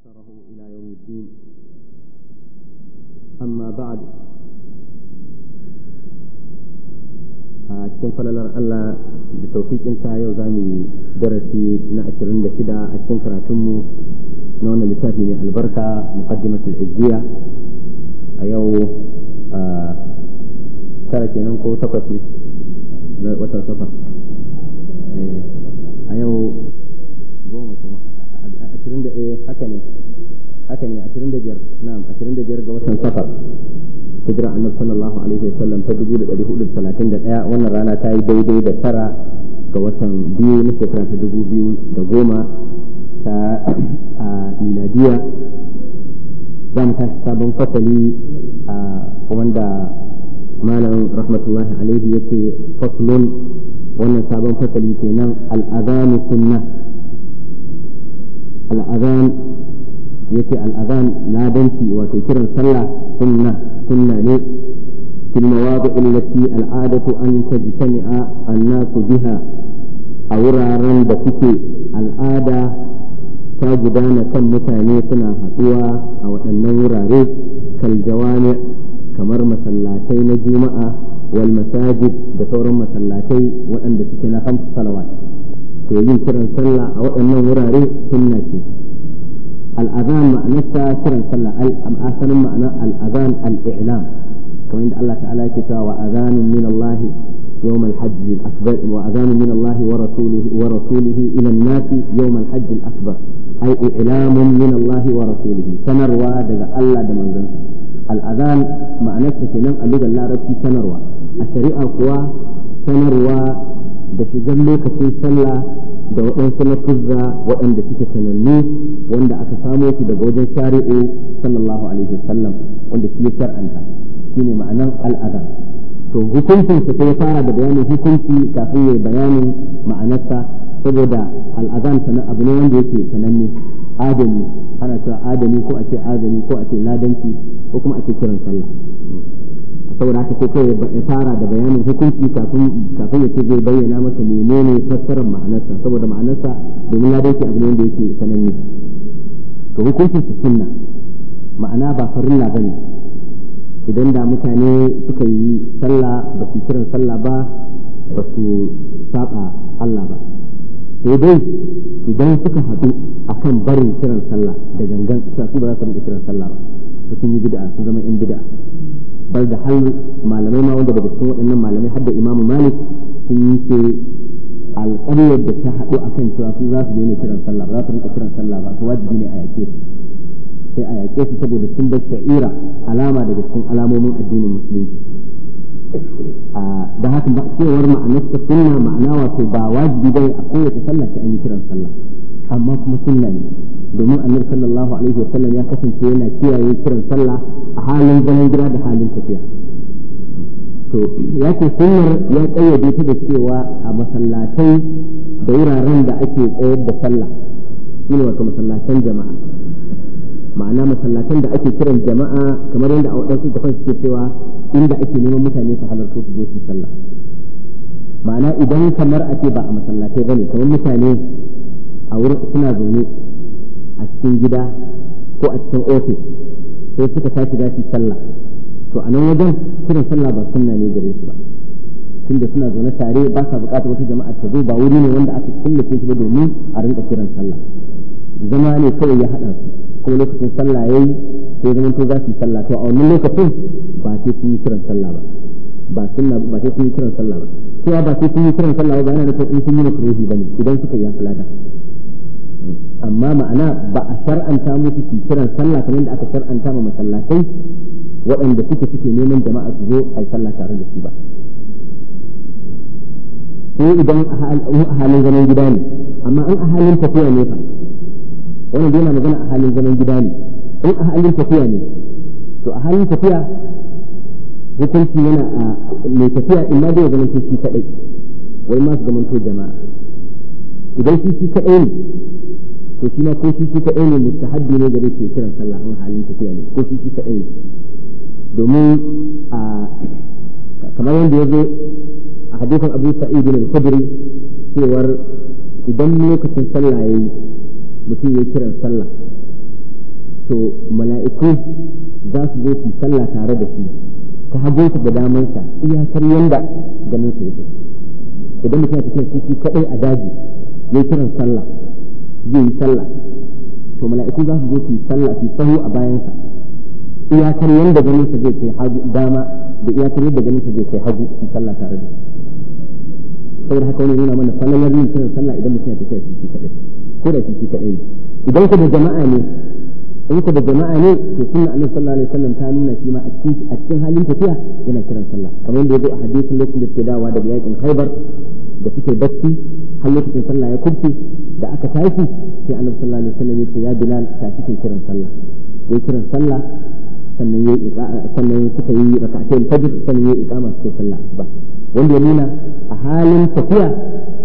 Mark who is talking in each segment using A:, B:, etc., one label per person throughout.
A: أثره إلى يوم الدين أما بعد cikin falalar Allah da taufiƙinsa yau za mu darasi na shida a cikin karatunmu na wannan littafi mai albarka muqaddimatul izziya a yau tara kenan ko takwas na watan safar a yau ashirin da eh haka ne haka ne ashirin da biyar na'am ashirin da biyar ga watan safar hijira annabi sallallahu alaihi sallam ta dubu da ɗari hudu da talatin da ɗaya wannan rana ta yi daidai da tara ga watan biyu na shekara ta dubu biyu da goma ta a miladiya za mu tashi sabon fasali a wanda malam rahmatullahi alaihi ya ce faslun wannan sabon fasali kenan al'azanu sunna al'azan yace al'azan ladanci wato kiran sallah sunna sunna ne fil mawadi' allati al'adatu an tajtami'a an-nasu biha a wuraren da suke al'ada ta gudana kan mutane suna haɗuwa a waɗannan wurare kal jawami kamar masallatai na juma'a wal masajid da sauran masallatai waɗanda suke na hamsu salawat to yin kiran sallah a waɗannan wurare sunna ce al'azan ma'anarsa kiran sallah asalin ma'ana al'azan al'i'lam kamar yadda Allah ta'ala yake cewa wa azanun min Allah yawm al wa azanun min Allah wa rasulihi wa rasulihi ila an-nas yawm al-hajj sanarwa daga Allah da manzansa al'azan ma'anarsa kenan a lugar larabci sanarwa a shari'a kuwa sanarwa da shigar lokacin sallah da waɗansu lafuzza waɗanda suke sanannu wanda aka samo su daga wajen shari'u sallallahu alaihi wasallam wanda shi ya shar'anta shine ma'anar al'azan to hukuncin sa sai fara da bayanin hukunci kafin ya bayanin ma'anarsa saboda al'azan sanan abu ne wanda yake sananne adami ana cewa adami ko a ce adami ko a ce ladanci ko kuma ake kiran sallah saboda haka sai kawai ya fara da bayanin hukunci kafin kafin ya ce zai bayyana maka menene fassarar ma'anarsa saboda ma'anarsa domin ya dace abu ne da yake sananne to hukuncin su sunna ma'ana ba farilla bane idan da mutane suka yi sallah ba su kiran sallah ba ba su saba Allah ba sai dai idan suka haɗu akan barin kiran sallah da gangan su ba za su rinka kiran sallah ba to sun yi bid'a sun zama yan bid'a bal da har malamai ma wanda daga cikin waɗannan malamai har da imamu malik sun yi ce alƙaryar da ta haɗu kan cewa su za su daina kiran sallah ba za su rinka kiran sallah ba to wajibi ne a su sai a yake su saboda sun bar sha'ira alama daga cikin alamomin addinin musulunci da hakan ba cewar ma'anar ta sunna ma'ana wato ba wajibi ba a kowace sallah sai an yi kiran sallah amma kuma sunna ne domin annabi sallallahu alaihi wasallam ya kasance yana kiyaye kiran sallah a halin zaman gida da halin tafiya to ya ce sunnar ya kayyade ta da cewa a masallatai da wuraren da ake tsayar da sallah shine wato masallatan jama'a ma'ana masallatan da ake kiran jama'a kamar yadda a waɗansu tafan suke cewa inda ake neman mutane su halarta su zo su sallah ma'ana idan kamar ake ba a masallatai bane kamar mutane a wurin suna zaune a cikin gida ko a cikin ofis sai suka tashi za su sallah to a nan wajen kiran sallah ba sunna ne gare su ba tunda suna zaune tare ba sa buƙatar wata jama'a ta zo ba wuri ne wanda aka killace shi ba domin a rinka kiran sallah zama ne kawai ya haɗa su kuma lokacin sallah yayi sai zaman to za su yi sallah to a wannan lokacin ba sai sun yi kiran sallah ba ba sunna ba sai sun yi kiran sallah ba cewa ba sai sun yi kiran sallah ba yana nufin in sun yi makruhi bane idan suka yi aflada amma ma'ana ba a shar'anta musu su kiran sallah kamar da aka shar'anta ma masallatai waɗanda suke suke neman jama'a su zo a yi sallah tare da shi ba ko idan a halin zaman gida ne amma in a halin tafiya ne fa wannan yana magana a halin zaman gida ne in a halin tafiya ne to a halin tafiya hukunci yana a mai tafiya in ma zai zamanto shi kadai wai ma su zamanto jama'a idan shi shi kadai ne to shi ma ko shi shi kaɗai ne mustahabbi ne gare yake kiran sallah in halin tafiya ne ko shi kaɗai ne domin a kamar yadda ya zo a hadisin Abu Sa'id bin al-Khudri cewar idan lokacin sallah yayi mutum ya kiran sallah to mala'iku za su zo su sallah tare da shi ta su da damansa iyakar yanda ganin sa yake idan mutum ya tafiya shi kaɗai a daji ya kiran sallah zai yi sallah to mala'iku za su zo su yi sallah su sahu a bayansa iyakar yadda ganin ganinsa zai kai hagu dama da iyakar yadda ganin ganinsa zai kai hagu su sallah tare da saboda haka wani nuna mana falalar yin kiran sallah idan mutum ya tafiya shi kaɗai ko da shi kaɗai idan ku da jama'a ne in ku da jama'a ne to sunna annabi sallallahu alaihi wasallam ta nuna shi ma a cikin a cikin halin tafiya yana kiran sallah kamar yadda ya zo a hadisin lokacin da ke dawa daga yakin Khaibar da suke bacci har lokacin sallah ya kubce da aka tashi sai annabi sallallahu alaihi wasallam yace ya bilal tashi kai kiran sallah ya kiran sallah sannan ya sannan suka yi rak'atayn fajr sannan yayi iqama suka sallah ba wanda ya nuna a halin tafiya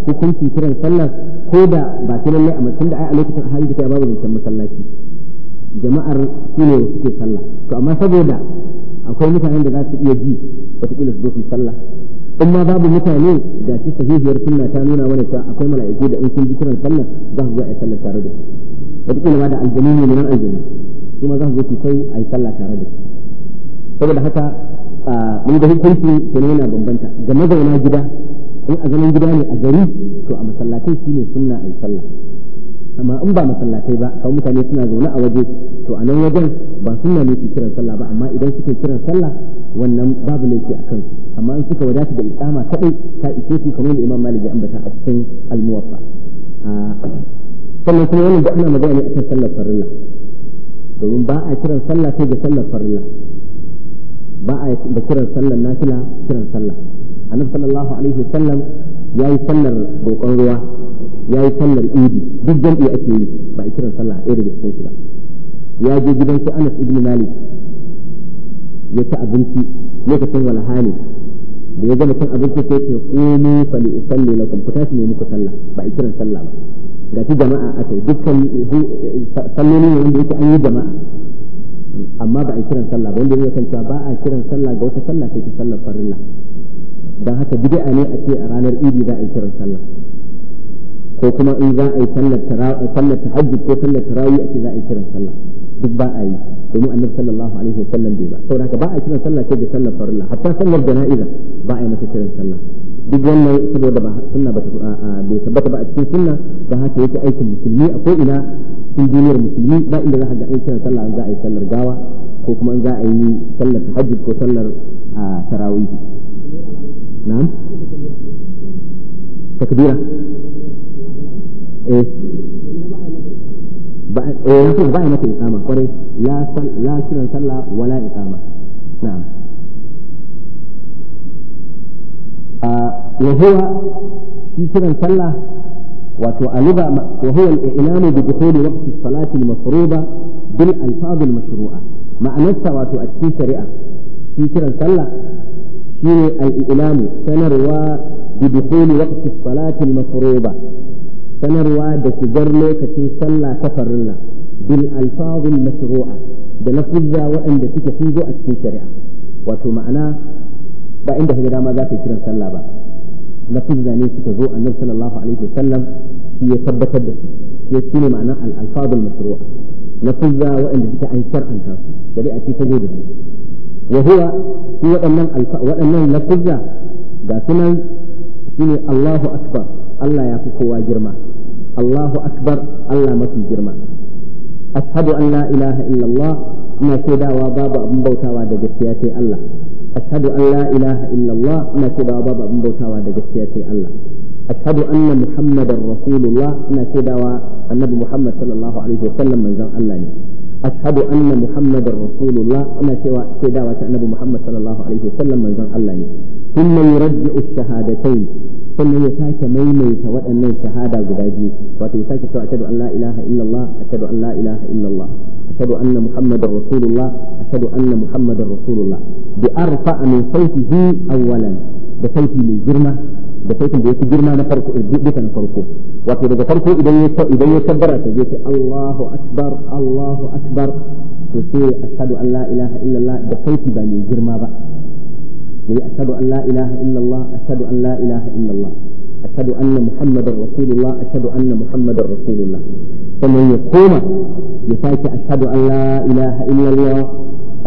A: hukuncin kiran sallah ko da ba ta lalle a mutum da ai a lokacin a halin tafiya babu zancen masallaci jama'ar su ne suke sallah to amma saboda akwai mutanen da za su iya ji kila su zo su sallah in ma babu mutane ga shi sahihiyar sunna ta nuna mana cewa akwai mala'iku da in sun ji kiran sallah za su zo a yi sallah tare da su wataƙila ma da ne nan aljanu su ma za su zo su kai a yi sallah tare da su saboda haka mun ga hukunci to ne bambanta ga mazauna gida in a zaman gida ne a gari to a masallatai shine sunna a yi sallah amma in ba masallatai ba kawai mutane suna zaune a waje to a nan wajen ba suna ne su kiran sallah ba amma idan suka kiran sallah wannan babu laifi a kansu amma in suka wadata da iqama kadai ta ishe su kamar Imam Malik ya ambata a cikin Al-Muwatta ah, sannan kuma wannan da ana magana ne akan sallar farilla domin ba a kiran sallah sai da sallar farilla ba a da kiran sallar nafila kiran sallah annabi sallallahu alaihi wasallam ya yi sallar roƙon ruwa ya yi sallar idi duk jam'i ake yi ba a kiran sallah a daga cikin su ba ya je gidan su anas ibn malik ya ci abinci lokacin walhali da ya gama cin abinci sai ce qumu fali usalli lakum ku tashi ne muku sallah ba a kiran sallah ba gashi jama'a akai dukkan sallolin ne wanda yake an yi jama'a amma ba a kiran sallah ba wanda ya kan cewa ba a kiran sallah ga wata sallah sai ta sallar farilla don haka bid'a ne a ce a ranar idi za a yi kiran sallah ko kuma in za a yi sallar sallar tahajjud ko sallar tarawih a ce za a yi kiran sallah duk ba a yi domin annabi sallallahu alaihi wasallam bai ba saboda haka ba a kiran sallah sai da sallar farilla hatta sallar jana'iza ba a yi masa kiran sallah duk wannan saboda ba sunna ba bai tabbata ba a cikin sunna da haka yake aikin musulmi a ko ina cikin duniyar musulmi ba inda za a ga an kiran sallah za a yi sallar gawa ko kuma za a yi sallar tahajjud ko sallar tarawih نعم تكبيرة ايه بقى ايه نفس بقى متى إقامة قري لا سل لا سنن سلا ولا إقامة نعم آه، وهو في سنة سلا وتؤلب وهو الإعلام بدخول وقت الصلاة المفروضة بالألفاظ المشروعة معنى السوات أتي شريعة في سنة سلا من الإعلام سنروى بدخول وقت الصلاة المفروضة سنروى بشجرنا كتن كفر كفرنا بالألفاظ المشروعة بنفذة وعند ذاتك في شريعة وثم معناه بعند هجرة ماذا في كرن سلى بات نفذة نيسة ذو أن صلى الله عليه وسلم في ثبت ذلك في تسيني معنى الألفاظ المشروعة نفذة وعند ذاتك عن شرعا شريعة في فجوده وهو في وأنن وأنن لفظة قاتنا شنو الله أكبر الله يفقه جرما الله أكبر الله ما في جرما أشهد أن لا إله إلا الله ما كدا وبابا أبن بوتا ودجسياتي الله أشهد أن لا إله إلا الله ما كدا وبابا أبن بوتا ودجسياتي الله أشهد أن محمد رسول الله ما كدا النبي محمد صلى الله عليه وسلم من زن الله ashhadu anna muhammadar rasulullah ana cewa shaidawa ta annabi muhammad sallallahu alaihi wasallam manzon Allah ne kuma yurajji'u shahadatain sannan ya sake maimaita waɗannan shahada guda biyu wato ya sake cewa ashhadu an la ilaha illallah ashhadu an la ilaha illallah ashhadu anna muhammadar rasulullah ashhadu anna muhammadar rasulullah bi arfa min sautihi awwalan da sauti mai girma da sautin da yake girma na farko duka na farko wato daga farko idan ya idan ya tabbara ta zai ce Allahu akbar Allahu akbar to sai ashhadu an la ilaha illallah da sauti ba mai girma ba yayi ashhadu an la ilaha illallah ashhadu an la ilaha illallah ashhadu anna muhammadar rasulullah ashhadu anna muhammadar rasulullah sannan ya koma ya sake ashhadu an la ilaha illallah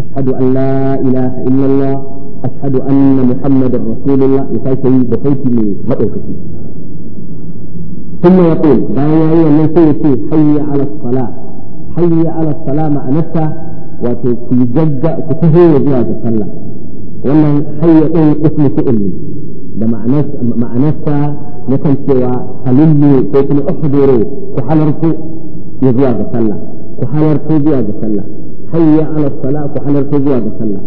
A: ashhadu an la ilaha illallah أشهد أن محمد رسول الله يساكي بخيتي من ثم يقول بايا من سيتي حي على الصلاة حي على الصلاة مع نفسه وفي جدة كتهي وزوها الصلاة وأن حي اسم فئلي ده مع نفسه نكن سوى هللي كيكن أحضروا كحلركو يزوها تصلى كحلركو زوها الصلاة حي على الصلاة كحلركو زوها الصلاة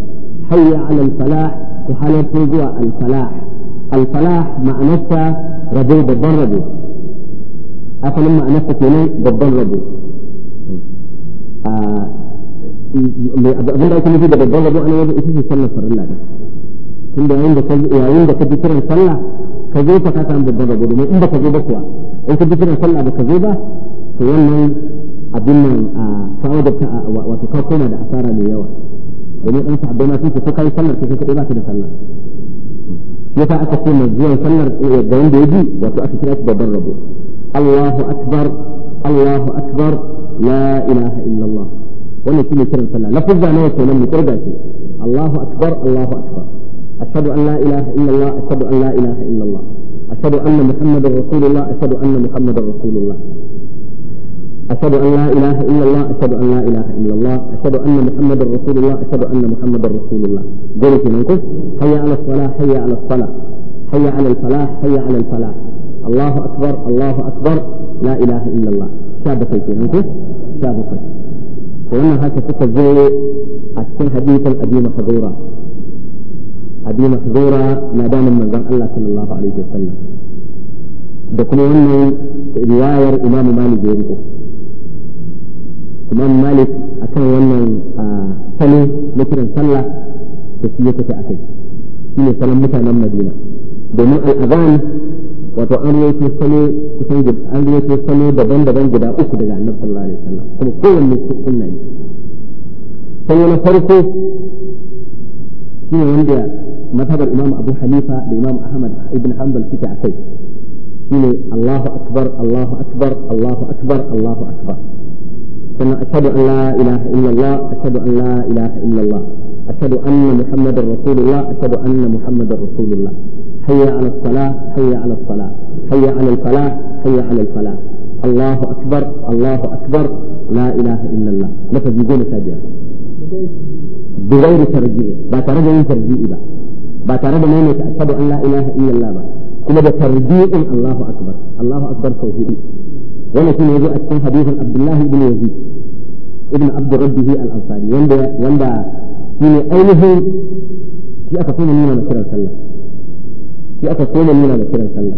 A: hayya ala al-falah ku halarto zuwa al-falah al-falah ma'anarta rabo babban rabo asalin ma'anarta kenan babban rabo abin da ake nufi da babban rabo ana wajen ita ce sallar farilla ne tunda yayin da ka ji kiran sallah ka zo fa ka samu babban rabo domin in ba ka zo ba kuwa in ka ji kiran sallah ba ka zo ba to wannan abin nan a sa'adar wato ka koma da asara mai yawa domin in sahabbai ma sun ce ko kai sallar sai kai ba ka da sallah shi yasa aka ce mai zuwan sallar eh, da wanda ya bi wato aka kira shi babban rabo Allahu akbar Allahu akbar la ilaha illallah wannan shine kiran sallah lafuzza nawa kenan mu kirga shi Allahu akbar Allahu akbar ashhadu an la ilaha illallah ashhadu an la ilaha illallah ashhadu anna muhammadar rasulullah ashhadu anna muhammadar rasulullah أشهد أن لا إله إلا الله أشهد أن لا إله إلا الله أشهد أن محمد رسول الله أشهد أن محمد رسول الله قلت منكم حي على الصلاة حي على الصلاة حي على الفلاح حي على الفلاح الله أكبر الله أكبر لا إله إلا الله شابكي منكم شابكي وأنا هكذا تكذي أشهد حديثا أبي محذورة أبي محذورة ما دام من الله صلى الله عليه وسلم da kuma رواية الإمام imamu malik imam malik akan wannan salo na kiran sallah da shi ya tafi akai shi ne salon mutanen madina domin al'azan wato an rawaito salo kusan an rawaito salo daban-daban guda uku daga annabi sallallahu alaihi wasallam kuma kowanne sunna ne salo na farko shi ne wanda mazhabar imam abu hanifa da imam ahmad ibn hanbal suke akai shine allahu akbar allahu akbar allahu akbar allahu akbar ثم أشهد أن لا إله إلا الله أشهد أن لا إله إلا الله أشهد أن محمد رسول الله أشهد أن محمد رسول الله حي على الصلاة حي على الصلاة حي على الفلاح حي على الفلاح الله أكبر الله أكبر لا إله إلا الله لفظ يقول سابعا بغير ترجيع باترجع ترجيع بقى ba tare da maimaita ashhadu an la ilaha illallah ba kuma da tarbiyin Allahu akbar Allahu akbar sau hudu wannan shine yazo a cikin hadisin Abdullah ibn Yazid ibn Abd Rabbih al-Ansari wanda wanda shine ainihin shi aka so nuna da kiran sallah shi aka so nuna da kiran sallah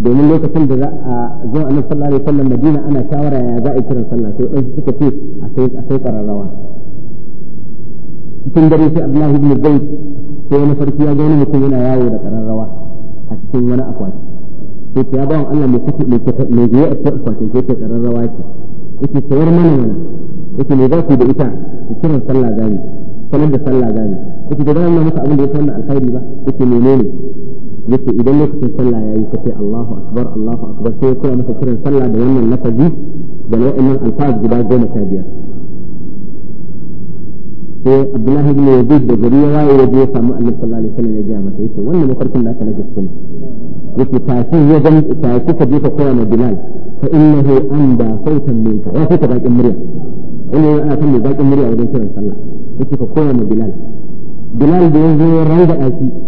A: domin lokacin da za a zo annabi sallallahu alaihi wasallam Madina ana shawara ya za a kiran sallah sai dan suka ce a sai a sai qararrawa cikin dare sai Abdullah ibn Zaid sai wani farki ya ga wani mutum yana yawo da qararrawa a cikin wani akwati sai ta bawan Allah mai kake mai kake mai zai a ta fatin sai ta kararrawa ce yake sayar mana mana yake ne za da ita ku kiran sallah zani sanar da sallah zani yake da zan masa abin da ya san alkhairi ba yake menene yake idan lokacin sallah yayi ka ce Allahu akbar Allahu akbar sai ya kula masa kiran sallah da wannan lafazi da wa'annan alfaz guda goma sha biyar sai abdullahi ibn yazid da gari ya waye ya je ya samu annabi sallallahu alaihi wasallam ya gaya masa yace wannan mafarkin da aka na gaskiya yace shi ya zama tashi ka je ka koya ma bilal fa innahu anda sautan minka wa sai ka bakin murya ina ana san mai bakin murya wajen kiran sallah yace ka koya ma bilal Bilal da ya zo ya ranga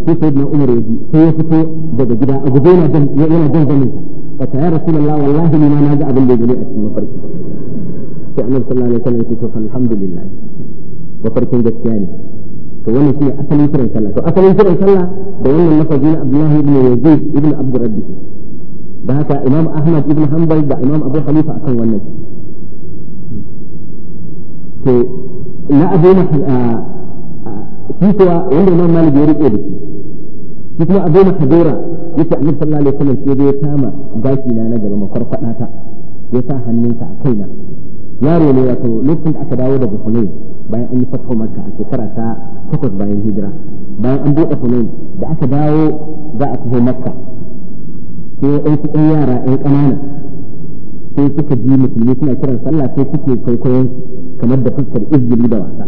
A: sai sai na Umar yaji ji sai ya fito daga gida a guje yana jan yana jan zamin fa ta ya rasulullah wallahi ni ma na ga abin da ya gani a cikin mafarki sai Annabi sallallahu alaihi wasallam ya ce to alhamdulillah mafarkin gaskiya ne to wannan shine asalin kiran sallah to asalin kiran sallah da wannan mafaji na Abdullahi ibn Yazid ibn Abd Rabbi da haka Imam Ahmad ibn Hanbal da Imam Abu Hanifa akan wannan to na Abu shi kuwa wanda Imam Malik ya rike da shi shi kuma Abu Mahadura yace Annabi sallallahu alaihi wasallam sai ya kama gashi na na gaba makarfada ta ya sa hannunsa a kaina yaro ne wato lokacin da aka dawo daga Hunayn bayan an yi fatho makka a shekara ta takwas bayan hijira bayan an buɗe hunain da aka dawo za a taho makka sai wasu ɗan yara ɗan ƙanana sai suka ji musulmi suna kiran sallah sai suke kwaikwayon kamar da fuskar izgiri da wasa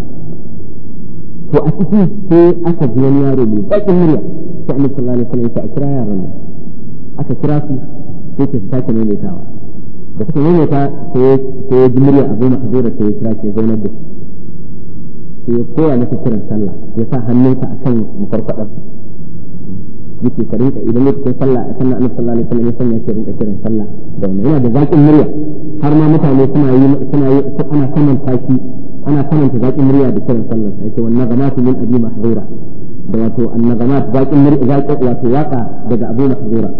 A: to a ciki sai aka ji wani yaro mai baƙin murya sai annabi sallallahu alaihi wasallam ya a kira yaran nan aka kira su sai ke sake maimaitawa da suka maimaita sai ya ji murya a zo masa zo da sai ya kira shi ya zaunar da shi sai ya koya na fikirin sallah ya sa hannunsa akan mafarkwadar yake ka rinka idan lokacin sallah a sannan annabi sallallahu alaihi wasallam ya sanya shi rinka kiran sallah da wannan yana da zaƙin murya har ma mutane suna yi suna yi ana kamanta shi ana ta zaƙin murya da kiran sallah sai ce wannan gamatu min abi mahzura da wato annagamat zaƙin murya zaƙin wato waka daga abu mahzura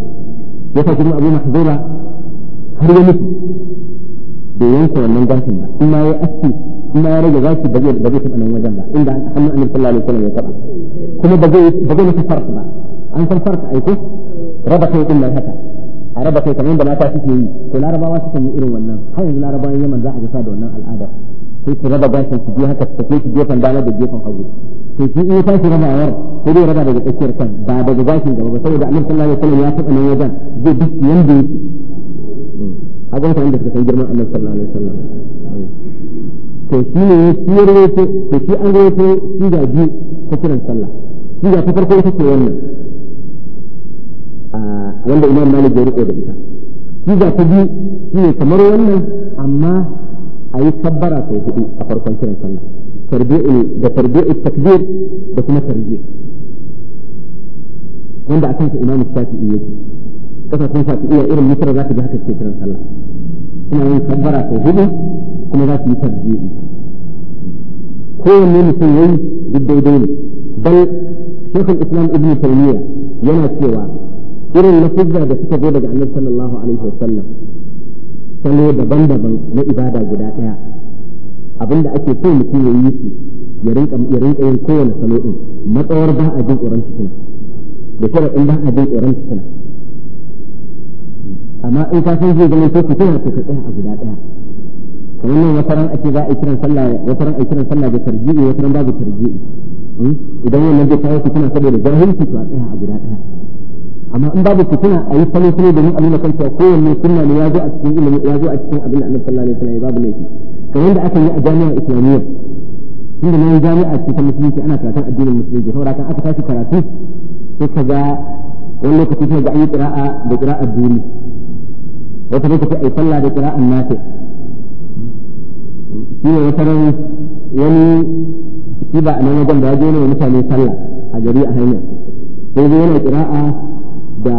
A: yasa kuma abu mahzura har ya mutu bai yanka wannan gashin ba kuma ya aski ما رجع غاشي بقيت بقيت أنا وجنبه إلا أن أحمد أن صلى الله عليه وسلم يقرأ كما بقيت بقيت في فرق بقى عن فرق أيكم ربك يقول لها هكذا araba kai kamar da mata suke yi to larabawa suka yi irin wannan har yanzu larabawan yaman za a ga da wannan al'ada sai su raba gashin su biyu haka su take shi gefen dama da gefen hagu to shi in tashi rabawar ko dai raba daga tsakiyar kan ba daga gashin gaba ba saboda annabi sallallahu alaihi wasallam ya taɓa nan wajen zai duk yanda yake a ga wanda suka san girman annabi sallallahu alaihi wasallam to shi ne ya shi rawaito to shi an rawaito shi ga biyu ta kiran sallah shi ga ta farko ita ce wannan ah, wanda imam malik ya rike da ita shi ga ta biyu shi ne kamar wannan amma a yi kabbara sau hudu a farkon kiran sallah da tarbiyyar takbir da kuma tarbiyyar wanda a kansa imam shafi'i yake kasashen shafi'i irin misra za ka ji haka ke kiran sallah suna yin kabbara sau hudu كمرات مترجيه كون من سنوي ضد عدول بل شيخ الإسلام ابن تيمية ينا سيوا إلى المسجد هذا ستبود عن صلى الله عليه وسلم سنوي دبندا بل لإبادة جداتها أبن دا أكي كون مكي ييسي يرينك يرينك أين كون سنوي مطور با أجل أوران كتنا بشرة إن با أجل أوران كتنا أما إن كان سنجي بل يسوكي تنا كتنا أجل أجل أجل wannan wataran ake za a yi kiran sallah wataran a yi kiran sallah da tarjihi wataran babu tarjihi idan wannan zai kawo fitina saboda jahilci to a tsaya a guda ɗaya amma in babu fitina a yi salo salo domin a nuna kanta kowanne sunna ne ya zo a cikin ilimi ya zo a cikin abin da annabi sallallahu alaihi wasallam ya babu laifi kamar yadda aka yi a jami'a islamiyya tunda na jami'a ce ta musulunci ana karatun addinin musulunci saboda kan aka tashi karatu sai ka ga wani lokaci sai ga an yi qira'a da qira'ar duri wata lokaci ai sallah da qira'an nafi' shi ne wataran wani shi ba a nan wajen da ya je wa mutane sallah a gari a hanya sai zai yana kira'a da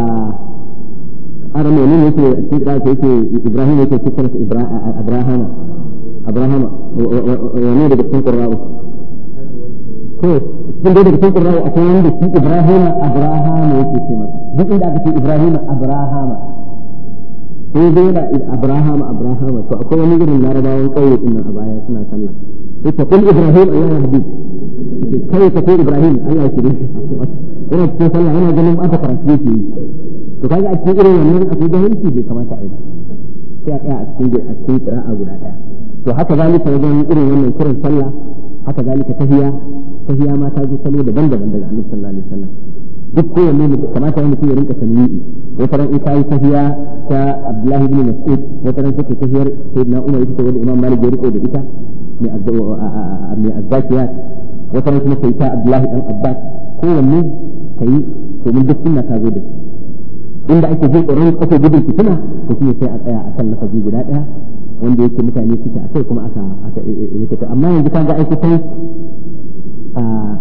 A: aramonin yake a cikin kira'a ta yake ibrahim yake wani daga cikin to dai daga cikin akwai shi yake ce masa duk inda aka ce ibrahima sun da abrahama abrahama to akwai wani irin larabawan ƙauye din nan a baya suna sallah sai ta kun ibrahim allah ya hadu kai ta kun ibrahim allah ya shirye ina cikin sallah yana ganin aka karatu yake yi to kaga a cikin irin wannan a akwai jahilci bai kamata a yi sai a tsaya a cikin a cikin qira'a guda daya to haka zalika wajen irin wannan kiran sallah haka zalika tahiya tahiya ma ta zo salo daban-daban daga annabi sallallahu alaihi wasallam duk kowanne ne kamata wani ya rinka tanwi'i wata faran ita yi tafiya ta Abdullahi ibn Mas'ud wata faran take tafiyar Sayyidina Umar ita wanda Imam Malik ya riko da ita mai mai azzakiya wata faran kuma sai ta Abdullahi dan Abbas ko wanne kai to mun duk sunna ta zo da inda ake jin tsoron ake gudun fitina to shine sai a tsaya akan lafazi guda daya wanda yake mutane suke akai kuma aka aka yake amma yanzu kaga aiki sai a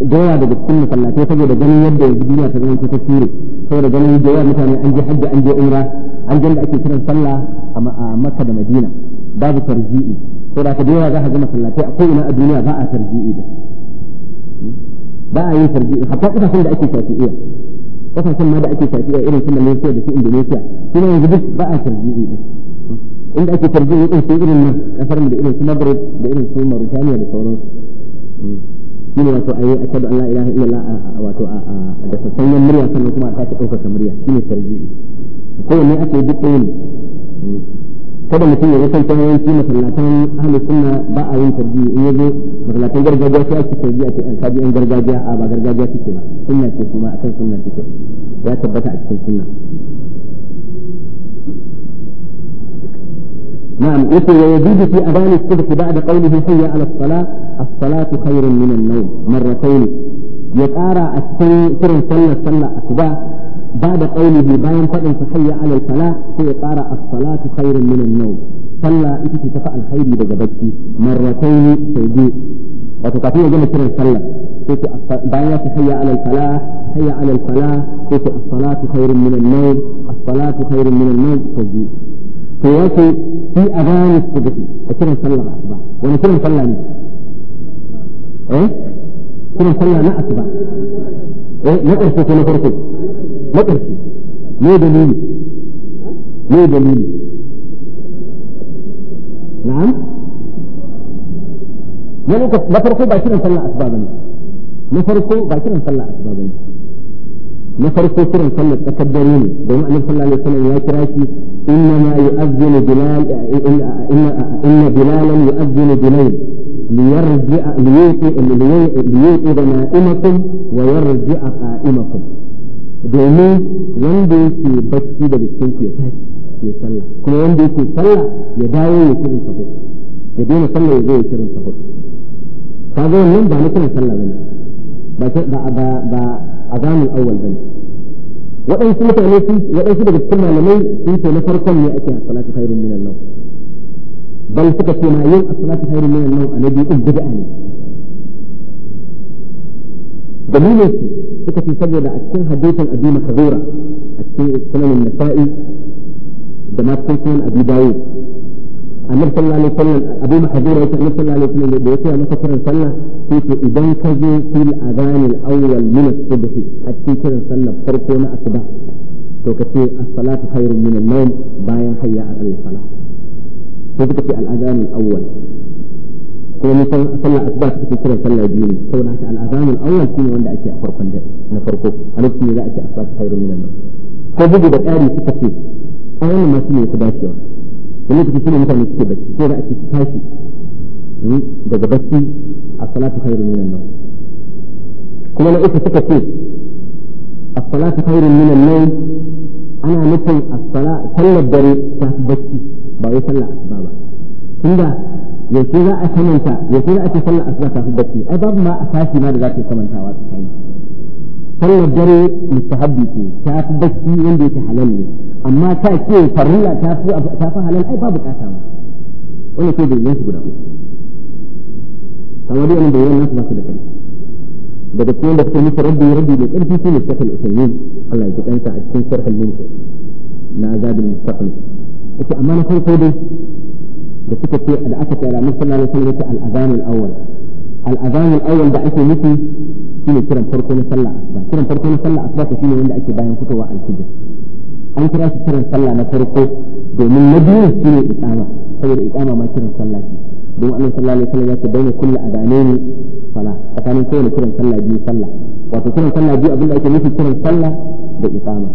A: goya daga cikin masallatai saboda ganin yadda yanzu duniya ta zama ta tsire saboda ganin da yawa mutane an je hajji an je umra an je da ake kiran sallah a makka da madina babu tarji'i ko da ka da yawa za ka ga masallatai a ko'ina a duniya ba a tarji'i da ba a yin tarji'i hatta kasashen da ake shafi'iya kasashen ma da ake shafi'iya irin su malaysia da su indonesia kuma yanzu duk ba a tarji'i da inda ake tarji'i din sai irin nan kasar mu da irin su maghrib da irin su mauritania da sauransu shi ne wato ayi ashhadu an la ila illallah wato da sassanyen murya sannan kuma a sake ɗaukaka murya shi ne tarji'i kowanne ake duk ɗaya ne kada mutum ya ga kanta yawanci masallatan ahli sunna ba a yin tarbi in yazo masallatan gargajiya sai ake tarbi a cikin kaji yan gargajiya a ba gargajiya suke ba sunna ce kuma akan sunna suke ya tabbata a cikin sunna na'am yace wa yajibu fi adani as-subh ba'da qawlihi hayya 'ala as-salah الصلاة خير من النوم مرتين يقارى السن كرم سنة صلى أصبع بعد قوله بيان فإن صحي على الصلاة يقارى الصلاة خير من النوم سنة إتي تفع الخير بجبتي مرتين سيدي وتتفيه جمع كرم سنة بيان صحي على الفلاح حي على الفلاح إتي الصلاة خير من النوم الصلاة خير من النوم سيدي في وقت في أذان الصبح كرم صلى الله عليه وسلم ونكرم صلى eh kiran sallah na asuba eh na ƙarshe ko na farko na ƙarshe ne dalili ne dalili na'am na uku na farko ba kiran sallah asuba bane na farko ba kiran sallah asuba bane na farko kiran sallah tsakar dare ne domin annabi sallallahu alaihi wasallam ya kira shi إنما يؤذن بلال إن بلالا يؤذن بليل ليرجع ليوقظ نائمكم ويرجع قائمكم domin wanda yake bacci daga cikin ku ya tashi ya sallah kuma wanda yake sallah ya dawo ya shirin sahur ya daina sallah ya zo ya shirin sahur ka ga wannan ba na kiran sallah bane ba ba ba azamul awwal bane waɗansu mutane sun waɗansu daga cikin malamai sun ce na farkon ne ake salatu khairun minan nawm بل سكت ما يوم الصلاة خير من النوم الذي أبدأ أني دليل سكت سبب أكثر حديثا أبي مخذورة أكثر سنن النسائي بما سنن أبي داود أمر صلى الله عليه وسلم أبي مخذورة أمر صلى الله عليه وسلم بيوتي أما فكر صلى فيك إذا كذوا في الأذان الأول من الصبح أتيك صلى فرقونا أصبح تو كثير الصلاة خير من النوم باين حيا على الصلاة sai suka ce al'azanul awwal kuma mun san sallar asuba suka ce kiran sallar biyu ne saboda haka al'azanul awwal shine wanda ake a farkon da na farko a lokacin da za a ce asbatu khairun minan nawm ko bugu da ƙari suka ce a wannan ma shine ku dacewa domin suka shine mutane suke bacci sai za a ce su tashi daga bacci a salatu khairun minan nawm kuma na uku suka ce a salatu khairun minan nawm ana nufin a sala sallar dare ta bacci ba wai sallah asuba ba tunda yaushe za a kamanta yaushe za a ce sallah asuba ta fi bacci ai babu ma a fashi ma da za ta kamantawa tsakani sallar dare mustahabbi ce ta fi bacci wanda yake halal ne amma ta ce farilla ta fi ta fi halal ai babu kata ma wannan sai da yansu guda uku kamar yadda da yawan nasu ba su da ƙarfi daga cikin da suke musu rabbi rabbi da ƙarfi su ne shekul usaimin Allah ya ji kansa a cikin sharhul mumkin na azabul mustaqim yake amma na farko dai da suka ce da aka ce alamun sallallahu na wasallam yake al-adhan al-awwal al-adhan al-awwal da ake nufi shine kiran farko na sallah asuba kiran farko na sallah asuba shine wanda ake bayan fitowa al-fajr an kira shi kiran sallah na farko domin na biyu shine iqama saboda iqama ma kiran sallah ce don Allah sallallahu alaihi wasallam ya ce baina kulli adanaini sala tsakanin kowane kiran sallah biyu sallah wato kiran sallah biyu abinda ake nufi kiran sallah da iqama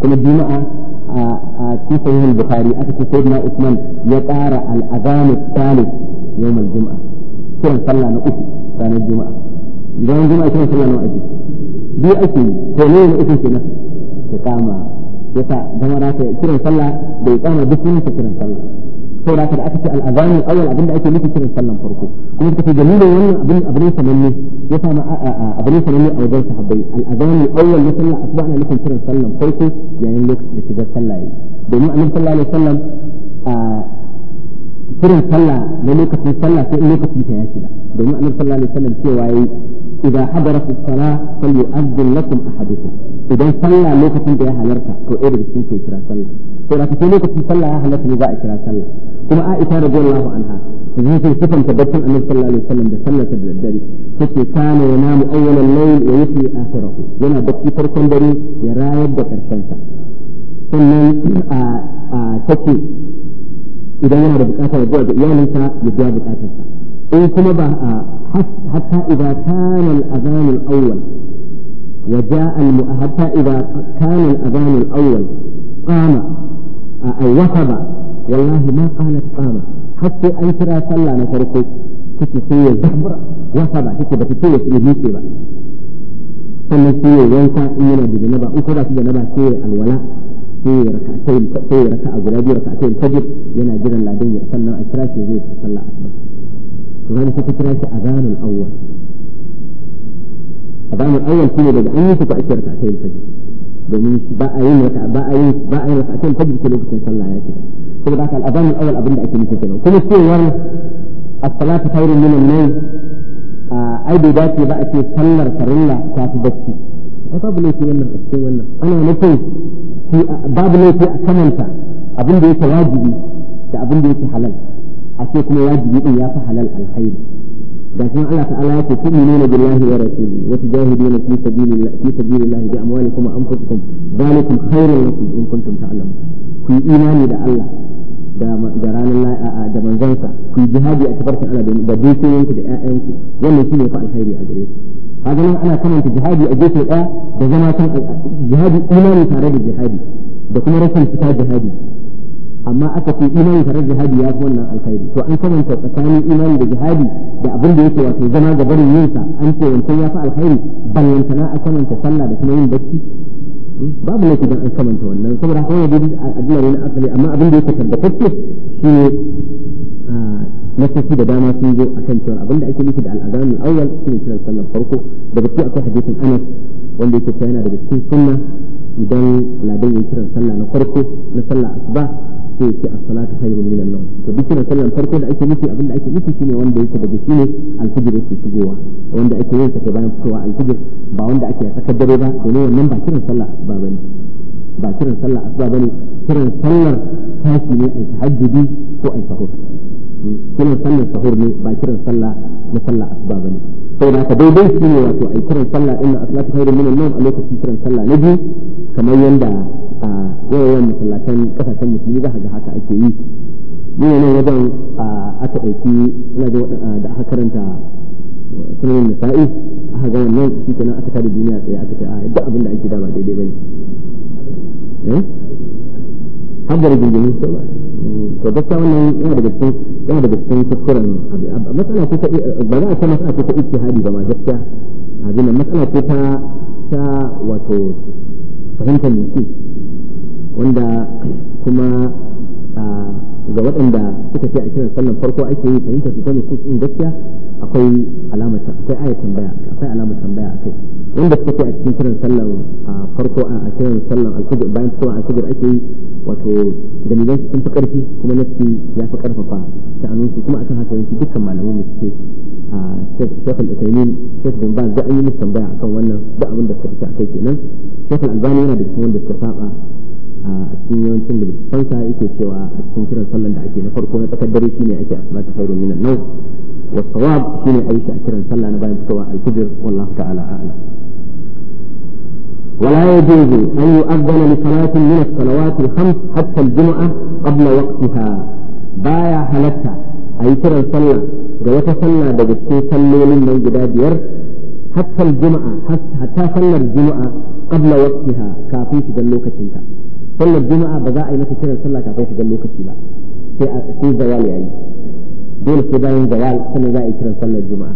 A: kuma juma'a a sahihi al-bukhari aka ce sayyidina usman ya ƙara al-adhan ath-thalith yawm al kiran sallah na uku ranar juma'a idan juma'a kiran sallah na uku bi ake to na uku kenan ya kama yasa dama da kiran sallah bai kama duk wani kiran sallah saboda da aka ce al'azami awal abin da ake nufi kiran sallan farko kuma suka ce dalilin wannan abin abin sananne ya sa ma abin sananne a wajen sahabbai al'azami awal na sallan asuba ana nufin kiran sallan farko yayin lokacin da shigar yayi domin annabi sallallahu alaihi wasallam kiran sallah na lokacin sallah sai lokacin ta ya shiga domin annabi sallallahu alaihi wasallam cewa yayi إذا حضرت الصلاة فليؤذن لكم أحدكم إذا صلى لوكة يا هلركة كو إيرد سنك إكرا صلى فإذا كنت لوكة صلى يا هلركة نباء إكرا صلى kuma Aisha radiyallahu anha zai sifanta baccin Annabi sallallahu alaihi wasallam da sallar da daddare take kana ya namu awwalan layl wa yusli akhirahu yana bacci farkon dare ya rayar da karshen sa sannan a take idan yana da bukatar zuwa ga iyalinsa ya biya bukatarsa in kuma ba a hatta idan kana al-adhan al-awwal وجاء حتى إذا كان الأذان الأول قام أو وصب والله ما قالت قامة حتى أنشرا صلى أنا تركت نتركي تتسوي الزحبرة وصبع تتبت تتسوي في الهيسيبة ثم تسوي وينسى إينا بذنبا أخرى في ذنبا سوي الولاء في ركعتين في ركعة غرابي ركعتين فجر ينادر اللعبي صلى أشرا شهود صلى أكبر وغانا تتسرى أذان الأول أذان الأول كله بدأ أن يسوك أشرا ركعتين فجر بمنش باعين ركعتين فجر كله بسن صلى أشرا saboda haka al'adam al'awal abin da ake nufi kenan kuma cewar as-salatu khairun min an-nawm ai bai dace ba a ce sallar farilla ta fi bacci babu laifi wannan a cikin wannan ana nufin babu laifi a kamanta abin da yake wajibi da abin da yake halal a ce kuma wajibi din ya fi halal alkhairi ga shi Allah ta'ala yake tu'minuna billahi wa rasuli wa tujahiduna fi sabilillahi fi sabilillahi bi amwalikum wa anfusikum dhalikum khairun lakum in kuntum ta'lamun ku yi imani da Allah da ranar la'a da manzansa ku yi jihadi a tafarkin Allah da dukiyoyinku da ƴaƴanku wannan shine fa alkhairi a gare ku kaga nan ana kamanta jihadi a gefe ɗaya da zama kan jihadi imani tare da jihadi da kuma rashin fita jihadi amma aka ce imani tare da jihadi ya fi wannan alkhairi to an kamanta tsakanin imani da jihadi da abin da yake wato zama da barin yinsa an ce wancan ya fi alkhairi ballantana a kamanta sallah da kuma yin bacci babu laifi dan an kamanta wannan saboda haka yana daidai a ne na asali amma abin da yake tabbatacce shi ne nasoci da dama sun zo kan cewa abin da ake nufi da al'azamul awwal shine kiran sallar farko daga cikin akwai hadisin Anas wanda yake cewa yana daga cikin sunna idan ladan ya kiran sallah na farko na sallah asuba sai ya ce as-salatu khairun minan nawm to duk kiran sallan farko da ake nufi abinda ake nufi shine wanda yake daga shine al-fajr yake shigowa wanda ake yin sa bayan fitowa al-fajr ba wanda ake tsakar dare ba ne wannan ba kiran sallah asuba bane ba kiran sallah asuba bane kiran sallar tashi ne ai tahajjudi ko ai sahur hmm, kiran sallar sahur ne ba kiran sallah na sallah asuba bane sai na ka daidai shi ne wato a kiran sallah inna aslatu khairun minan nawm a lokacin kiran sallah na biyu kamar yadda a yawan masallatan kasashen musulmi za ga haka ake yi mu ne wajen aka ɗauki ina da aka karanta sunan nisa'i aka ga wannan shi kenan aka tada duniya tsaye aka ce a duk abin da ake da ba daidai bane eh har da to gaskiya wannan yana daga cikin yana daga cikin kuskuren matsala ce ta ba za a ce matsala ce ta ijtihadi ba ma gaskiya abin nan matsala ce ta ta wato fahimtar wanda kuma ga waɗanda suka ce a kiran sallan farko ake yi fahimtar su ta nusus din gaskiya akwai alamar akwai ayat tambaya akwai alamar tambaya akai wanda suka ce a cikin kiran sallan farko a kiran sallan alfajr bayan fitowa alfajr ake yi wato dalilan sun fi karfi kuma nassi ya fi karfafa sha'anun su kuma akan haka yanki dukkan malaman mu suke a Sheikh Al-Utaymin Sheikh Bin Baz da yi musu tambaya akan wannan duk abin da suka fita akai kenan Sheikh Al-Albani yana da cikin wanda suka saba a cikin yawancin da fansa yake cewa a cikin kiran sallan da ake na farko na tsakar dare shine ake asalatu khairu minan nawm والصواب شنو a kiran كرن صلى أنا باين تكوى الفجر والله تعالى أعلم ولا يجوز أن يؤذن لصلاة من الصلوات الخمس حتى الجمعة قبل وقتها بايا حلتها أي ترى صلى جوات صلى بجسي صلوا من جداد ير حتى الجمعة حتى صلى الجمعة قبل وقتها كافيش قلوك شنتا صلى الجمعة بزاعي متى ترى صلى كافيش قلوك شبا في زوالي أي دول كداين زوال سنة زائي ترى صلى الجمعة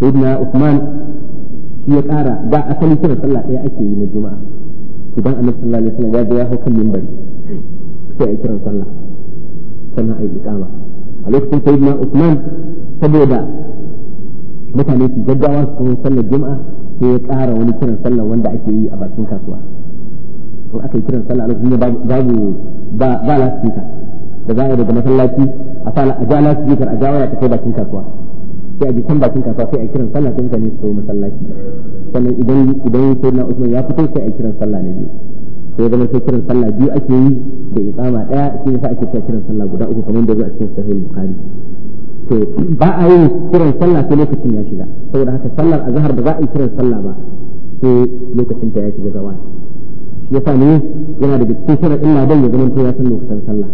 A: سيدنا عثمان shi ya kara ba asali kiran sallah ɗaya ake yi na juma'a idan nan sallah ne suna ya ga ya hau kan mimbari sai yi kiran sallah sannan yi iqama a lokacin na Usman saboda mutane su gaggawa su kuma sallar juma'a sai ya kara wani kiran sallah wanda ake yi a bakin kasuwa in aka yi kiran sallah a lokacin babu ba ba da za a yi daga masallaci a a ja lasfikar a ja waya ta kai bakin kasuwa sai a ji can bakin kafa sai a kiran sallah sai mutane su masallaci sannan idan idan sai na Usman ya fito sai a kiran sallah na biyu sai zama sai kiran sallah biyu ake yi da iqama daya shi yasa ake cewa kiran sallah guda uku kamar da zuwa a cikin sahih bukhari to ba a yi kiran sallah sai lokacin ya shiga saboda haka sallar azhar ba za a yi kiran sallah ba sai lokacin ta ya shiga zawa shi yasa ne yana daga cikin sharadin ladan ya zama to ya san lokacin sallah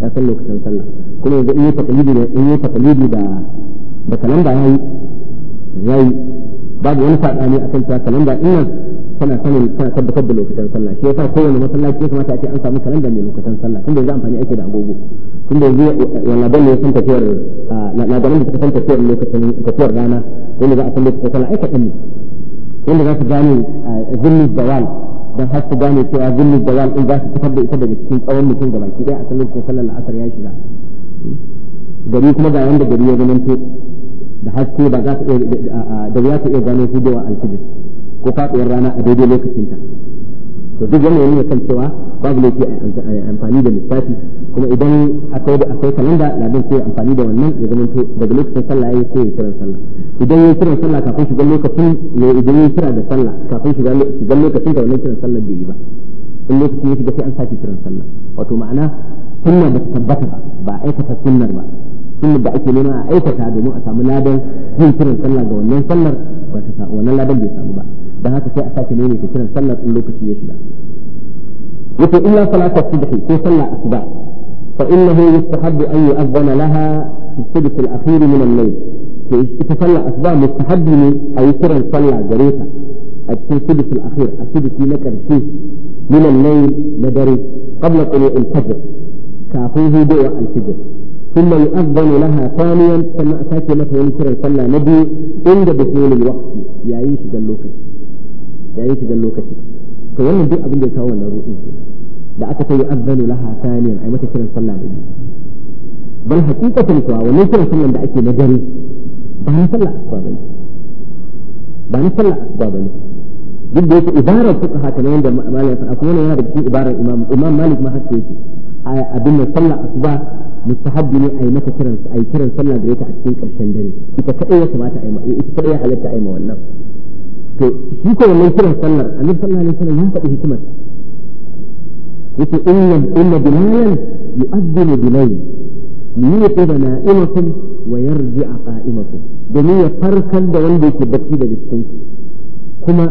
A: ya san lokacin sallah kuma yanzu in yi taqlidi da in yi taqlidi da da kalanda ya yi ya babu wani saɓani a kan cewa kalanda ina tana sanin tana tabbatar da lokutan sallah shi yasa kowane masallaci ya kamata a ce an samu kalanda mai lokutan sallah tunda yanzu amfani ake da agogo tunda yanzu wannan dan ne san tafiyar na garin da suka san tafiyar lokacin tafiyar rana wanda za a san lokacin sallah ai kaɗan ne wanda za su gane zulmi zawal don har su gane cewa zulmi zawal in za su fitar da ita daga cikin tsawon mutum gabaki ɗaya a san lokacin sallar la'asar ya shiga gari kuma ga wanda gari ya zamanto da haske ba za su iya da ya su iya gano da alfijir ko faɗuwar rana a daidai lokacinta to duk wannan yana kan cewa babu laifi a amfani da lissafi kuma idan akwai da akwai kalanda labin sai amfani da wannan ya zama to daga lokacin sallah yayin sai ya kira sallah idan yayi kiran sallah kafin shiga lokacin ne idan yayi kira da sallah kafin shiga lokacin da wannan kiran sallah bai yi ba in lokacin ya shiga sai an sake kiran sallah wato ma'ana sunna ba ta tabbata ba ba aikata sunnar ba sunnar da ake nema a aikata domin a samu ladan yin kiran sallah ga wannan sallar ba ta wannan ladan bai samu ba dan haka sai a sake nemi ta kiran sallar in lokaci ya shiga yace illa salatu subhi ko sallah asuba fa innahu yustahabbu an yu'adhdhana laha fi thuluth al-akhir min al-layl to ita sallah asuba mustahabbi ne a yi kiran sallah gare ta a cikin thuluth al-akhir a thuluthi na karshe min al-layl na dare qabla tulu'il fajr kafin hudu wa al-fajr ثم يؤذن لها ثانيا ثم أتاكي متى ونكر صلى نبي عند دخول الوقت يا عيش اللوكش يا عيش اللوكش فوانا دي أبن دي كاوان الرؤوس da aka sai yu'azzanu laha thaniyan ai mata kiran sallah da biyu bal haqiqatan kuwa wannan kiran sallan da ake na dare ba na sallah asuba bane ba duk da yake ibarar suka haka ne wanda malam ya faɗa kuma yana da imam imam asuba mustahabbi ne a yi mata kiran a yi kiran sallah da ita a cikin ƙarshen dare ita kaɗai ya kamata a yi ita ta ya halatta a yi ma wannan to shi ko wannan kiran sallar annabi sallallahu alaihi wasallam ya faɗi hikimar yace inna inna bilalan yu'adhdhibu bilayl liyuqida na'imakum wa yarji'a qa'imakum domin ya farkar da wanda yake bacci da cikin kuma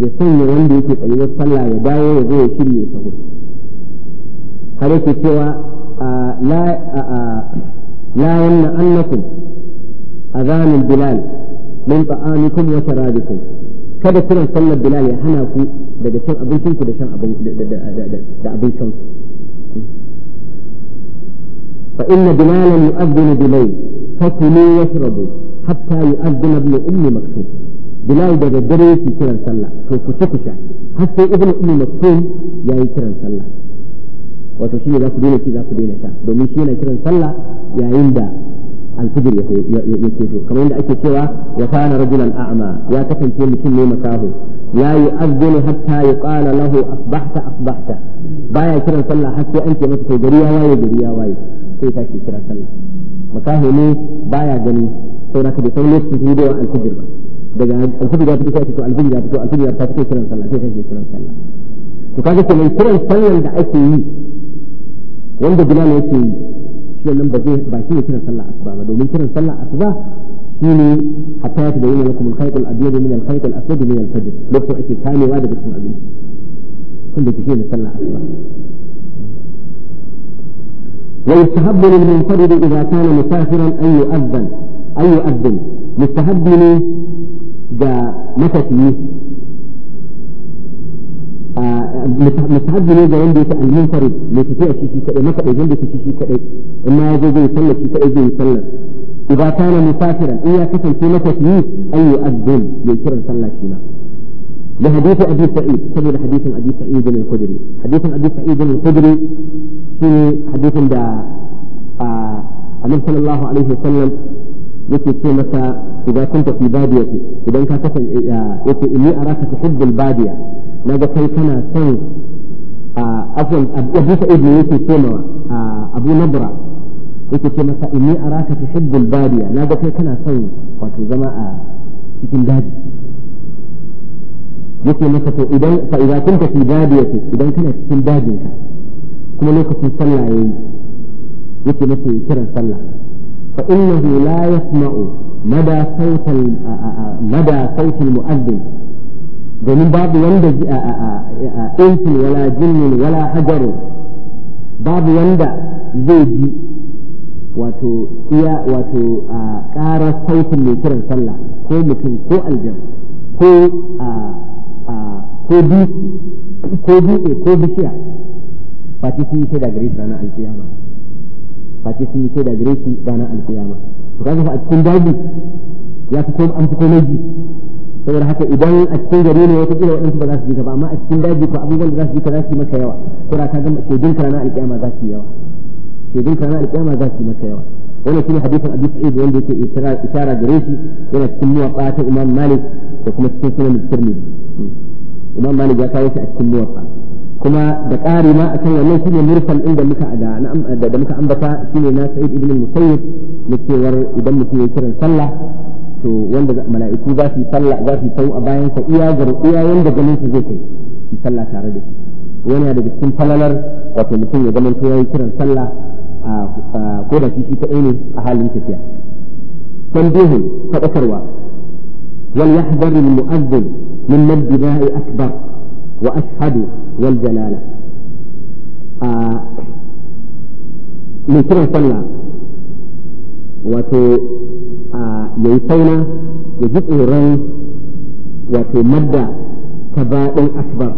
A: ya sanya wanda yake tsayuwar sallah ya dawo ya zo ya shirye sahur har yake cewa لا لا يمنعنكم أذان البلال من طعامكم وشرابكم kada kiran sallar bilal ya hana ku daga cin abincin ku da shan abin da abin shan fa inna bilalan yu'adhdhinu bilayl fakulu washrabu hatta yu'adhdhina ibn ummi maktum bilal daga dare yake kiran sallah to ku ci ku sha har sai ibn ummi maktum yayi kiran sallah wato shine za ku daina ci za ku daina sha domin shi yana kiran sallah yayin da alfijir ya keto kamar yadda ake cewa wa kana rajulan a'ma ya kasance mutum ne makaho ya yi yu'azzinu hatta yuqala lahu asbahta asbahta baya kiran sallah har sai an ce masa to gari ya waye gari ya waye sai tashi kira sallah makaho ne baya gani saboda ka bai san lokacin hidowar alfijir ba daga alfijir ya fito sai to alfijir ya fito alfijir ya fito kiran sallah sai tashi kiran sallah to kaga kenan kiran sallan da ake yi wanda bilal yake yi shi wannan ba zai ba shi ne kiran sallah asuba ba domin kiran sallah asuba shi ne hatta ya tabayyana lakum al-khayt al-abyad min al-khayt al-aswad min al-fajr lokacin ake kamewa daga cikin abinci wanda ke shi ne sallah asuba ويستحب للمنفرد إذا كان مسافرا أن يؤذن أن يؤذن مستحب ne ga matafiyi متحدي نجا عندي تعلمين فرد لتفيع الشيشي كأي مكأ جنب الشيشي كأي إما يجب يصلى الشيشي كأي يصلى إذا كان مسافرا إياك تنسينا تسميه أي يؤذن ينكر صلى الشيشي لحديث أبي سعيد سبب حديث أبي سعيد بن القدري حديث أبي سعيد بن القدري في حديث دا آه، صلى الله عليه وسلم يكي في مكة إذا كنت في بادية إذا كنت في آه، إني أراك تحب البادية na ga kai kana son afwan abu sa'id ne yake ce mawa abu nabra yake ce masa inni araka badiya na ga kai kana son wato zama a cikin daji yake masa to idan fa idan fi idan kana cikin dajin ka kuma lokacin sallah yayi yake masa kiran sallah fa innahu la yasma'u mada sautal mada sautal mu'adhdhin domin babu wanda insin wala jinnin wala hajaru babu wanda zai ji wato iya wato ƙarar sautin mai kiran sallah ko mutum ko aljan ko ko dutse ko bishiya face sun yi shaida gare shi ranar alkiyama face sun yi shaida gare shi ranar alkiyama to kaga fa a cikin daji ya fi an fi komai ji saboda haka idan a cikin gari ne wata kila waɗansu ba za su ji gaba amma a cikin daji ko abubuwan da za su ji ka za su yi maka yawa da ka ga shaidun kana alƙiyama za su yi yawa shaidun kana alƙiyama za su yi maka yawa wannan shine hadisin Abi Sa'id wanda yake isharar gare shi yana cikin muwatta ta Imam Malik da kuma cikin sunan Tirmidhi Imam Malik ya kawo shi a cikin muwatta kuma da ƙari ma akan wannan shine mursal din da muka da muka ambata shine na Sa'id ibn musayyib na cewar idan mutum ya kiran sallah to wanda mala'iku za su sallah za su tau a bayan sa iya gar iya wanda ganin su zai kai su sallah tare da shi wani daga cikin falalar wato mutum ya zaman to yayi kiran sallah ko da shi ta ne a halin tafiya tambihu fadakarwa wal yahdharu al mu'adhdhin min madbi'i akbar wa ashhadu wal jalala mai kiran sallah wato ya yi sauna ya ji tsoron wato madda ta baɗin akbar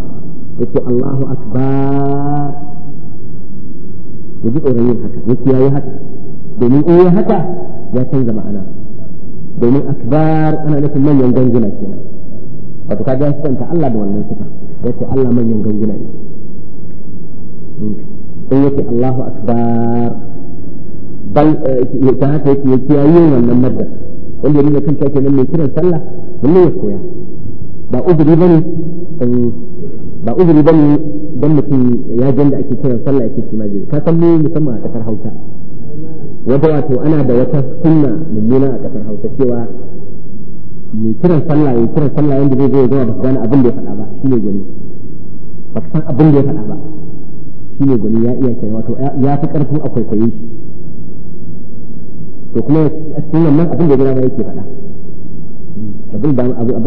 A: ya ce Allahu akbar ya ji tsoron yin haka ya ya yi haka domin in yi haka ya canza ma'ana domin akbar ana nufin manyan gangina ke wato ka ya santa Allah da wannan suka ya ce Allah manyan gangina ne hmm. in yake Allahu akbar bal ta haka yake ya kiyaye wannan madda wanda ya nuna kan ta nan mai kiran sallah lalle ya koya ba uzuri bane um, ba uzuri bane dan mutum ya ga da ake kiran sallah yake shi ma ka san mu musamman a kasar Hausa wata wato ana da wata sunna mummuna a kasar Hausa cewa mai kiran sallah ya kiran sallah yanda zai zo ya zama ba gane abin da ya faɗa ba shine gwani ba san abin da ya faɗa ba shine gwani ya iya kai wato ya fi karfin akwai kwaikwaye shi to kuma a cikin wannan abin da ya gada ma yake faɗa abin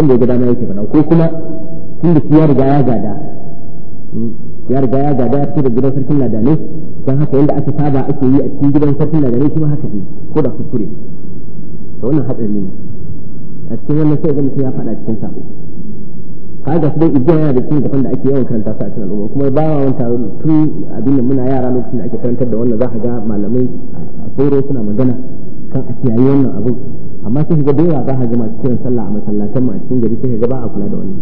A: da ya gada ma yake faɗa ko kuma tun da shi ya riga ya gada hmm, ya riga ya gada ya fito da gidan sarkin ladane don haka yadda aka saba ake yi a cikin gidan sarkin ladane shi ma haka ne ko da kuskure to wannan hatsari ne a cikin wannan sai zan ya faɗa cikin sa kaga su dai igiya yana da cikin gaban da ake yawan karanta su a cikin al'umma kuma ba wa wanta tun abin da muna yara lokacin da ake karantar da wannan za ga malamai a tsoro suna magana kan a kiyaye wannan abin amma sai ga da yawa ba ha gama cikin sallah a masallatan mu a cikin gari sai ga ba a kula da wannan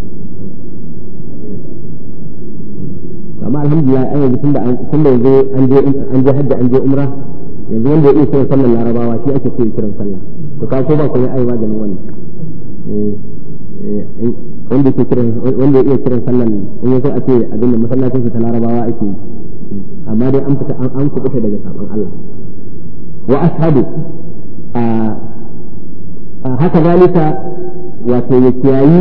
A: amma alhamdulillah an yanzu da an tunda yanzu an je an je hajji an je umra yanzu wanda ya iya sallar larabawa shi ake so ya kiran sallah to ka ko ba ku yi ayi ba ganin wannan eh, eh, eh, wanda ke kiran wanda ya iya kiran sallar in yaso a ce abin da masallacin su ta larabawa ake amma dai an fita an kubuta daga sabon Allah wa ashabu A haka zalika wato ya kiyayi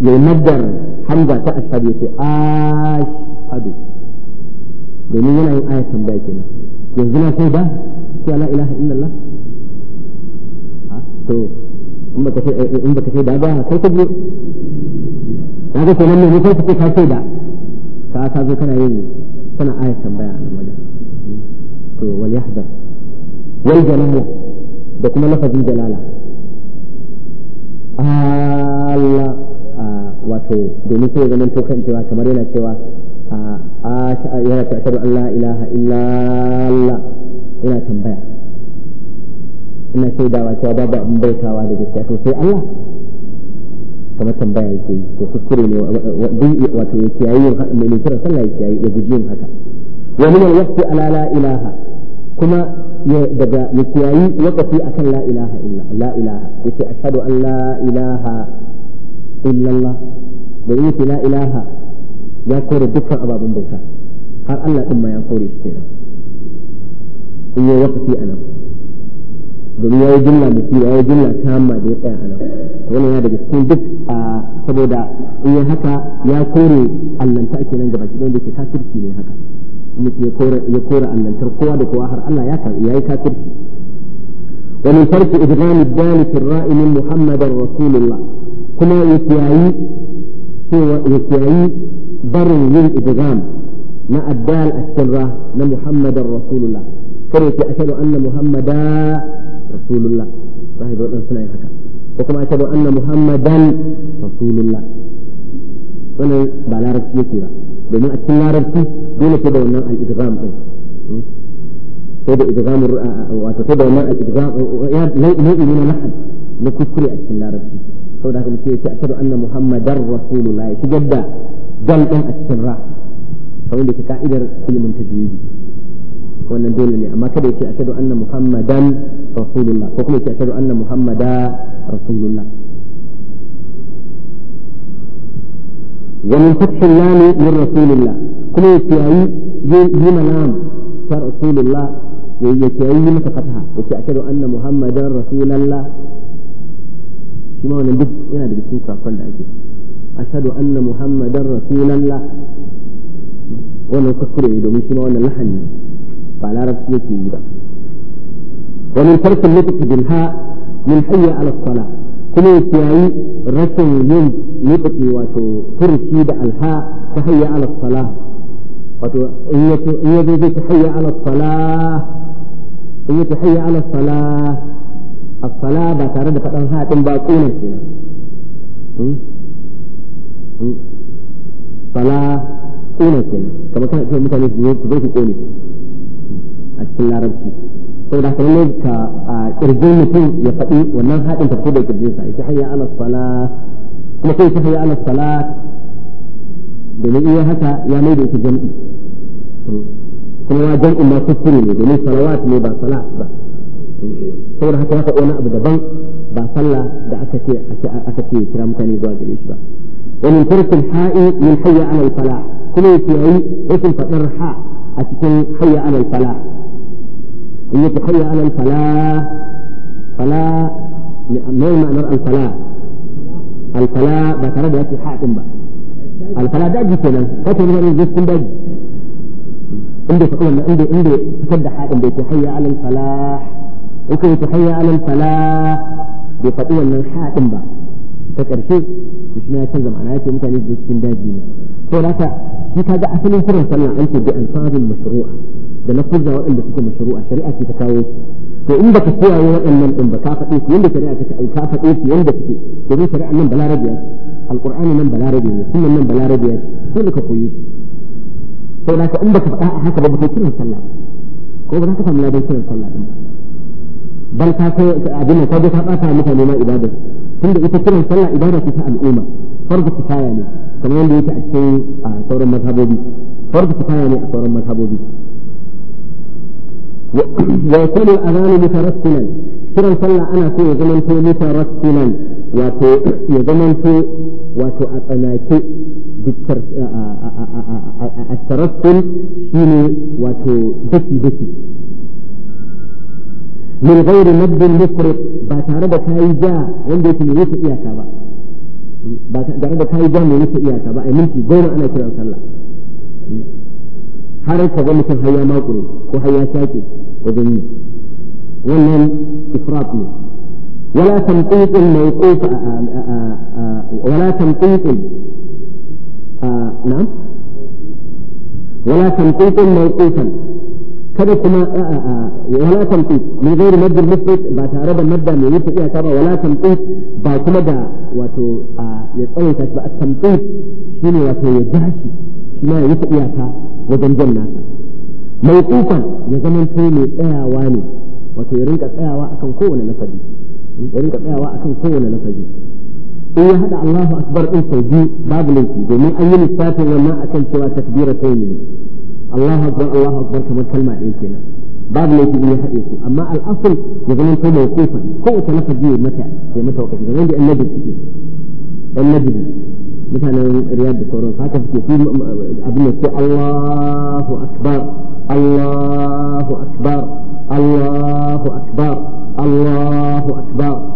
A: ya maddar hamza ta ashhadu yace hadu domin yana yin ayat tambaya kenan yanzu na sai ba shi ala ilaha illallah to in ba ka in ba sai da ba kai ka je kaga kenan ne kai ka shaida sai da ka ka zo kana yin kana ayat baya a nan wajen to wal yahdar wal jalamu da kuma lafazin jalala Allah wato domin sai zaman to kan cewa kamar yana cewa yana ta ashadu Allah ilaha illallah yana tambaya ina shaidawa cewa babu abin baitawa da gaskiya to sai Allah kamar tambaya yake yi to kuskure ne wato ya kiyaye mai kiran sallah ya kiyaye ya guji yin haka wa min al-waqti ala la ilaha kuma daga ya kiyayi wakafi akan la ilaha illa la ilaha yace ashadu an la ilaha illa da yake la ilaha ya kore dukkan ababen bauta har Allah din ma ya kore shi kenan in yi wakafi anan domin ya yi jumla musira ya yi jumla tamma da ya tsaya anan wani ya daga cikin duk a saboda in yi haka ya kore allanta kenan gaba ki don da ke kafirci ne haka ya kora ya kora kowa da kowa har Allah ya karbi yayi kafirci wani min farqi idgham ad-dal rasulullah kuma ya kiyayi cewa ya kiyayi barin yin idgham na addal dal as-sirra na muhammadar rasulullah kare ki ashhadu anna muhammada rasulullah suna yin haka ko kuma ashhadu anna muhammadan rasulullah wannan ba larabci yake ba domin a cikin larabci dole sai da wannan al din sai da idgham wato sai da wannan al ya nau'i ne na nahad na kuskure a cikin larabci saboda haka mutum yace ashhadu anna muhammadar rasulullah ya shigar da dal din a cikin ra kamar da ke ka'idar ilimin tajwidi wannan dole ne amma kada yace ashhadu anna muhammadan rasulullah ko kuma yace ashhadu anna muhammada rasulullah ومن فتح اللام من رسول الله كما يتعي جيم لام كرسول الله يتعي متى فتحة يتأكد أن محمدا رسول الله شما ونبد هنا دي بسوكا كل أجل أشهد أن محمدا رسول الله وانا كفر يدو من شما وانا لحن فعلى عرب سيكي ومن ترك النطق بالهاء من حي على الصلاة kuma ya yayi rashin yin nutsi wato furuci da alha ta hayya ala sala wato in ya zo zai ta hayya ala sala in ya ta hayya ala sala a sala ba tare da faɗan haɗin ba ƙunar kenan hmm? hmm? sala ƙunar kenan kamar kana ce mutane su zo su ƙone a cikin larabci فإذا كنت ترجون مثل يقعي والنام هات انت بخوضة يكبرين سعي تحيي على الصلاة كما تقول تحيي على الصلاة بني إيه هكا يا ميد في جمع كما لا جمع ما تفرني بني صلوات مي با صلاة با فإذا هكا يقع وانا أبدا بان با صلاة دا أكتي أكتي كرام كاني دواج ليش با ومن فرس الحائي من حي على الفلاح كما يتعي اسم فترحا أتكن حي على الفلاح إن يتحيى على الفلاح فلا ما معنى الفلاح الفلاح بكرة ده في حاتم بقى الفلاح ده جي كده فاتم هنا الجيش كل ده عندي تقول عندي عندي تصدح حاتم بيتحيى على الفلاح وكي يتحيى على الفلاح بيفتوى من حاتم بقى تكرشي مش ما canza ma'ana yace mutane da cikin daji ne to haka shi kaga asalin kiran sallah an ce bi alfazul mashru'a da na kurza waɗanda suke mashru'a shari'a ce ta kawo su to in baka wa waɗannan din ba ka faɗe su yanda shari'a ta ka faɗe su yanda suke to domin shari'a nan balarabiya ce alqur'ani nan balarabi ne sunan nan balarabi ya ce dole ka koyi shi sai da ka in baka faɗa a haka ba ba kai kiran sallah ko ba za ka samu ladan kiran sallah din bal ka ko abin da ka ga ta bata mutane ma ibada tunda ita kiran sallah ibada ce ta al'umma farzu kifaya ne kamar yadda yake a cikin sauran mazhabobi farzu kifaya ne a sauran mazhabobi wa kudu a zanen mutarattunan kiran sallah ana so ya zama to mutarattunan wato ya zama to wato a a tarattun shi ne wato daki daki min gairi nabbin mukuri ba tare da kayi ja wanda yake mai wuce ba tare da kayi ja mai wuce iyaka ba a minti goma ana kiran sallah har ka ga mutum har ya makure ko har ya shaƙe wajen yi wannan ifrat ne wala mai mawquf wala tamqiqin na'am wala mai mawqufan kada kuma wala tamqiq min ghairi madd al-musbit ba tare da madda mai yi tafiya ta ba wala tamqiq ba kuma da wato ya tsawaita ba tamqiq shine wato ya dashi shi ma ya yi tafiya ta wajen jan nasa mawqufan ya zama zamanto mai tsayawa ne wato ya rinka tsayawa akan kowane lafazi ya rinka tsayawa akan kowane lafazi in ya hada Allahu akbar din sau biyu babu laifi domin an yi lissafin wannan akan cewa takbira ta ne Allahu akbar Allahu akbar kamar kalma ɗaya kenan babu laifi in ya haɗe su amma al'asul ya zama ko mawqufan kowace lafazi ya mata ya mata wakati kamar da annabi suke annabi مثلا رياض الكورونا هكذا في ابن الله اكبر الله اكبر الله اكبر الله اكبر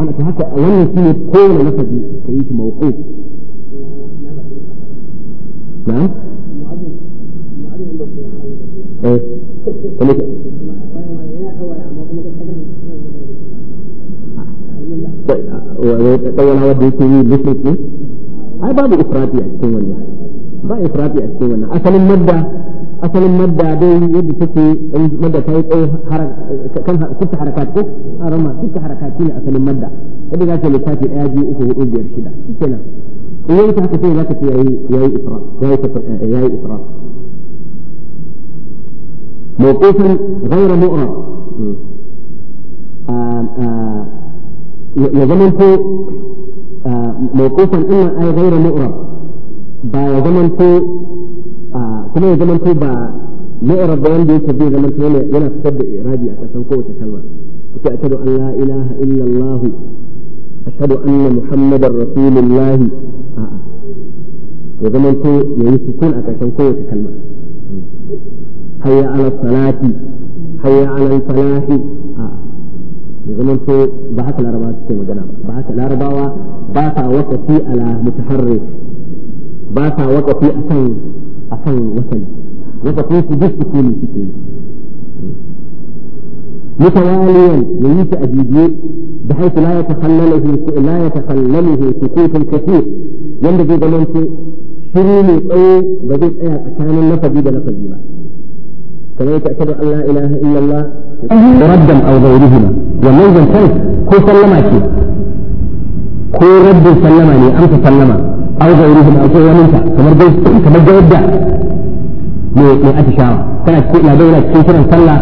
A: انا كهذا لم يكن كل نفس
B: تعيش موقوف نعم
A: ايه طيب. tsawon wanda yake yi musulki ai babu ifrati a cikin wannan ba ifrati a cikin wannan asalin madda asalin madda dai yadda take madda ta yi tsawo kan kuka harakat ko harama kuka harakat ne asalin madda yadda za ta lissafi ɗaya biyu uku hudu biyar shida shi kenan in yanki haka sai za ka ce yayi ifrat yayi ifrat موقوفا غير مؤرم آآ آآ ya zamanto mawqufan din nan ai ghayra mu'rab ba ya zama ko kuma ya zama ko ba mu'rab ba wanda yake bai zamanto yana fitar da irabi a kasan kowace kalma kace ashhadu an la ilaha illa allah ashhadu anna muhammadar rasulullah a ya zamanto yayi sukun a kasan kowace kalma hayya ala salati hayya ala al يظننتو بعث العرباء تسيما جنام بعث العرباء وقت في على متحرك باتا وقتي أسان أسان وسل وقتي سجس كوني سكوني متواليا ليس أجيدي بحيث لا يتخلله لا يتخلله سكوت كثير ينبغي ظننتو شريني أو بديت أيا أكان النفذ بلا فجيبا كما يتأكد أن لا إله إلا الله raddan aw ghayrihima wannan zancen ko sallama ce ko raddin sallama ne amsa sallama aw ghayrihima ko wani ta kamar dai kamar da yadda ne ne atishawa kana cikin cikin kiran sallah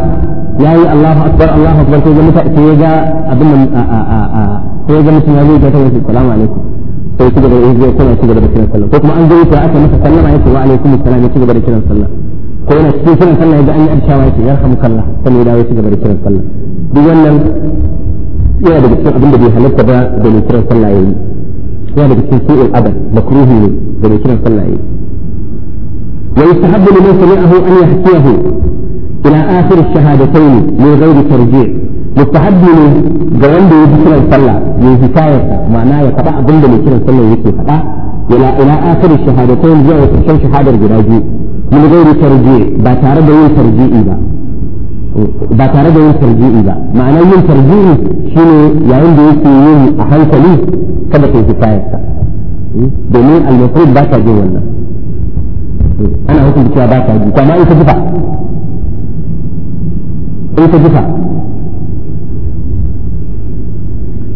A: yayi Allahu akbar Allahu akbar sai ga mutum sai ga abin sai ga mutum ya zo ya tafi assalamu alaikum sai su da izini kuna su gaba da kiran sallah ko kuma an zo ya aka masa sallama yake wa alaikum assalam ya da kiran sallah ko yana cikin kiran sallah ya an yi arshawa yake ce ya rahamu kallah sannan ya dawo ya ci gaba da kiran sallah duk wannan yana daga cikin abin da bai halatta ba da mai kiran sallah ya yi yana daga cikin su'il abad makruhi ne da mai kiran sallah ya yi wa yustahabbu liman sami'ahu an yahkiyahu ila akhir ash-shahadatayn min ghairi tarji' mustahabbi ne ga wanda ya ji kiran sallah ya hikayarsa ma'ana ya faɗa abin da mai kiran sallah yake faɗa ila ila akhir ash-shahadatayn zuwa karshen shahadar guda biyu min gairi tarji ba tare da yin tarji'i ba ba tare da yin tarji'i ba ma'ana yin tarji'i shine yayin da yake yin a hankali kada ka yi kayarsa domin al-mafrud ba ta jin wannan ana hukunta cewa ba ta ji kuma in ka jifa in ka jifa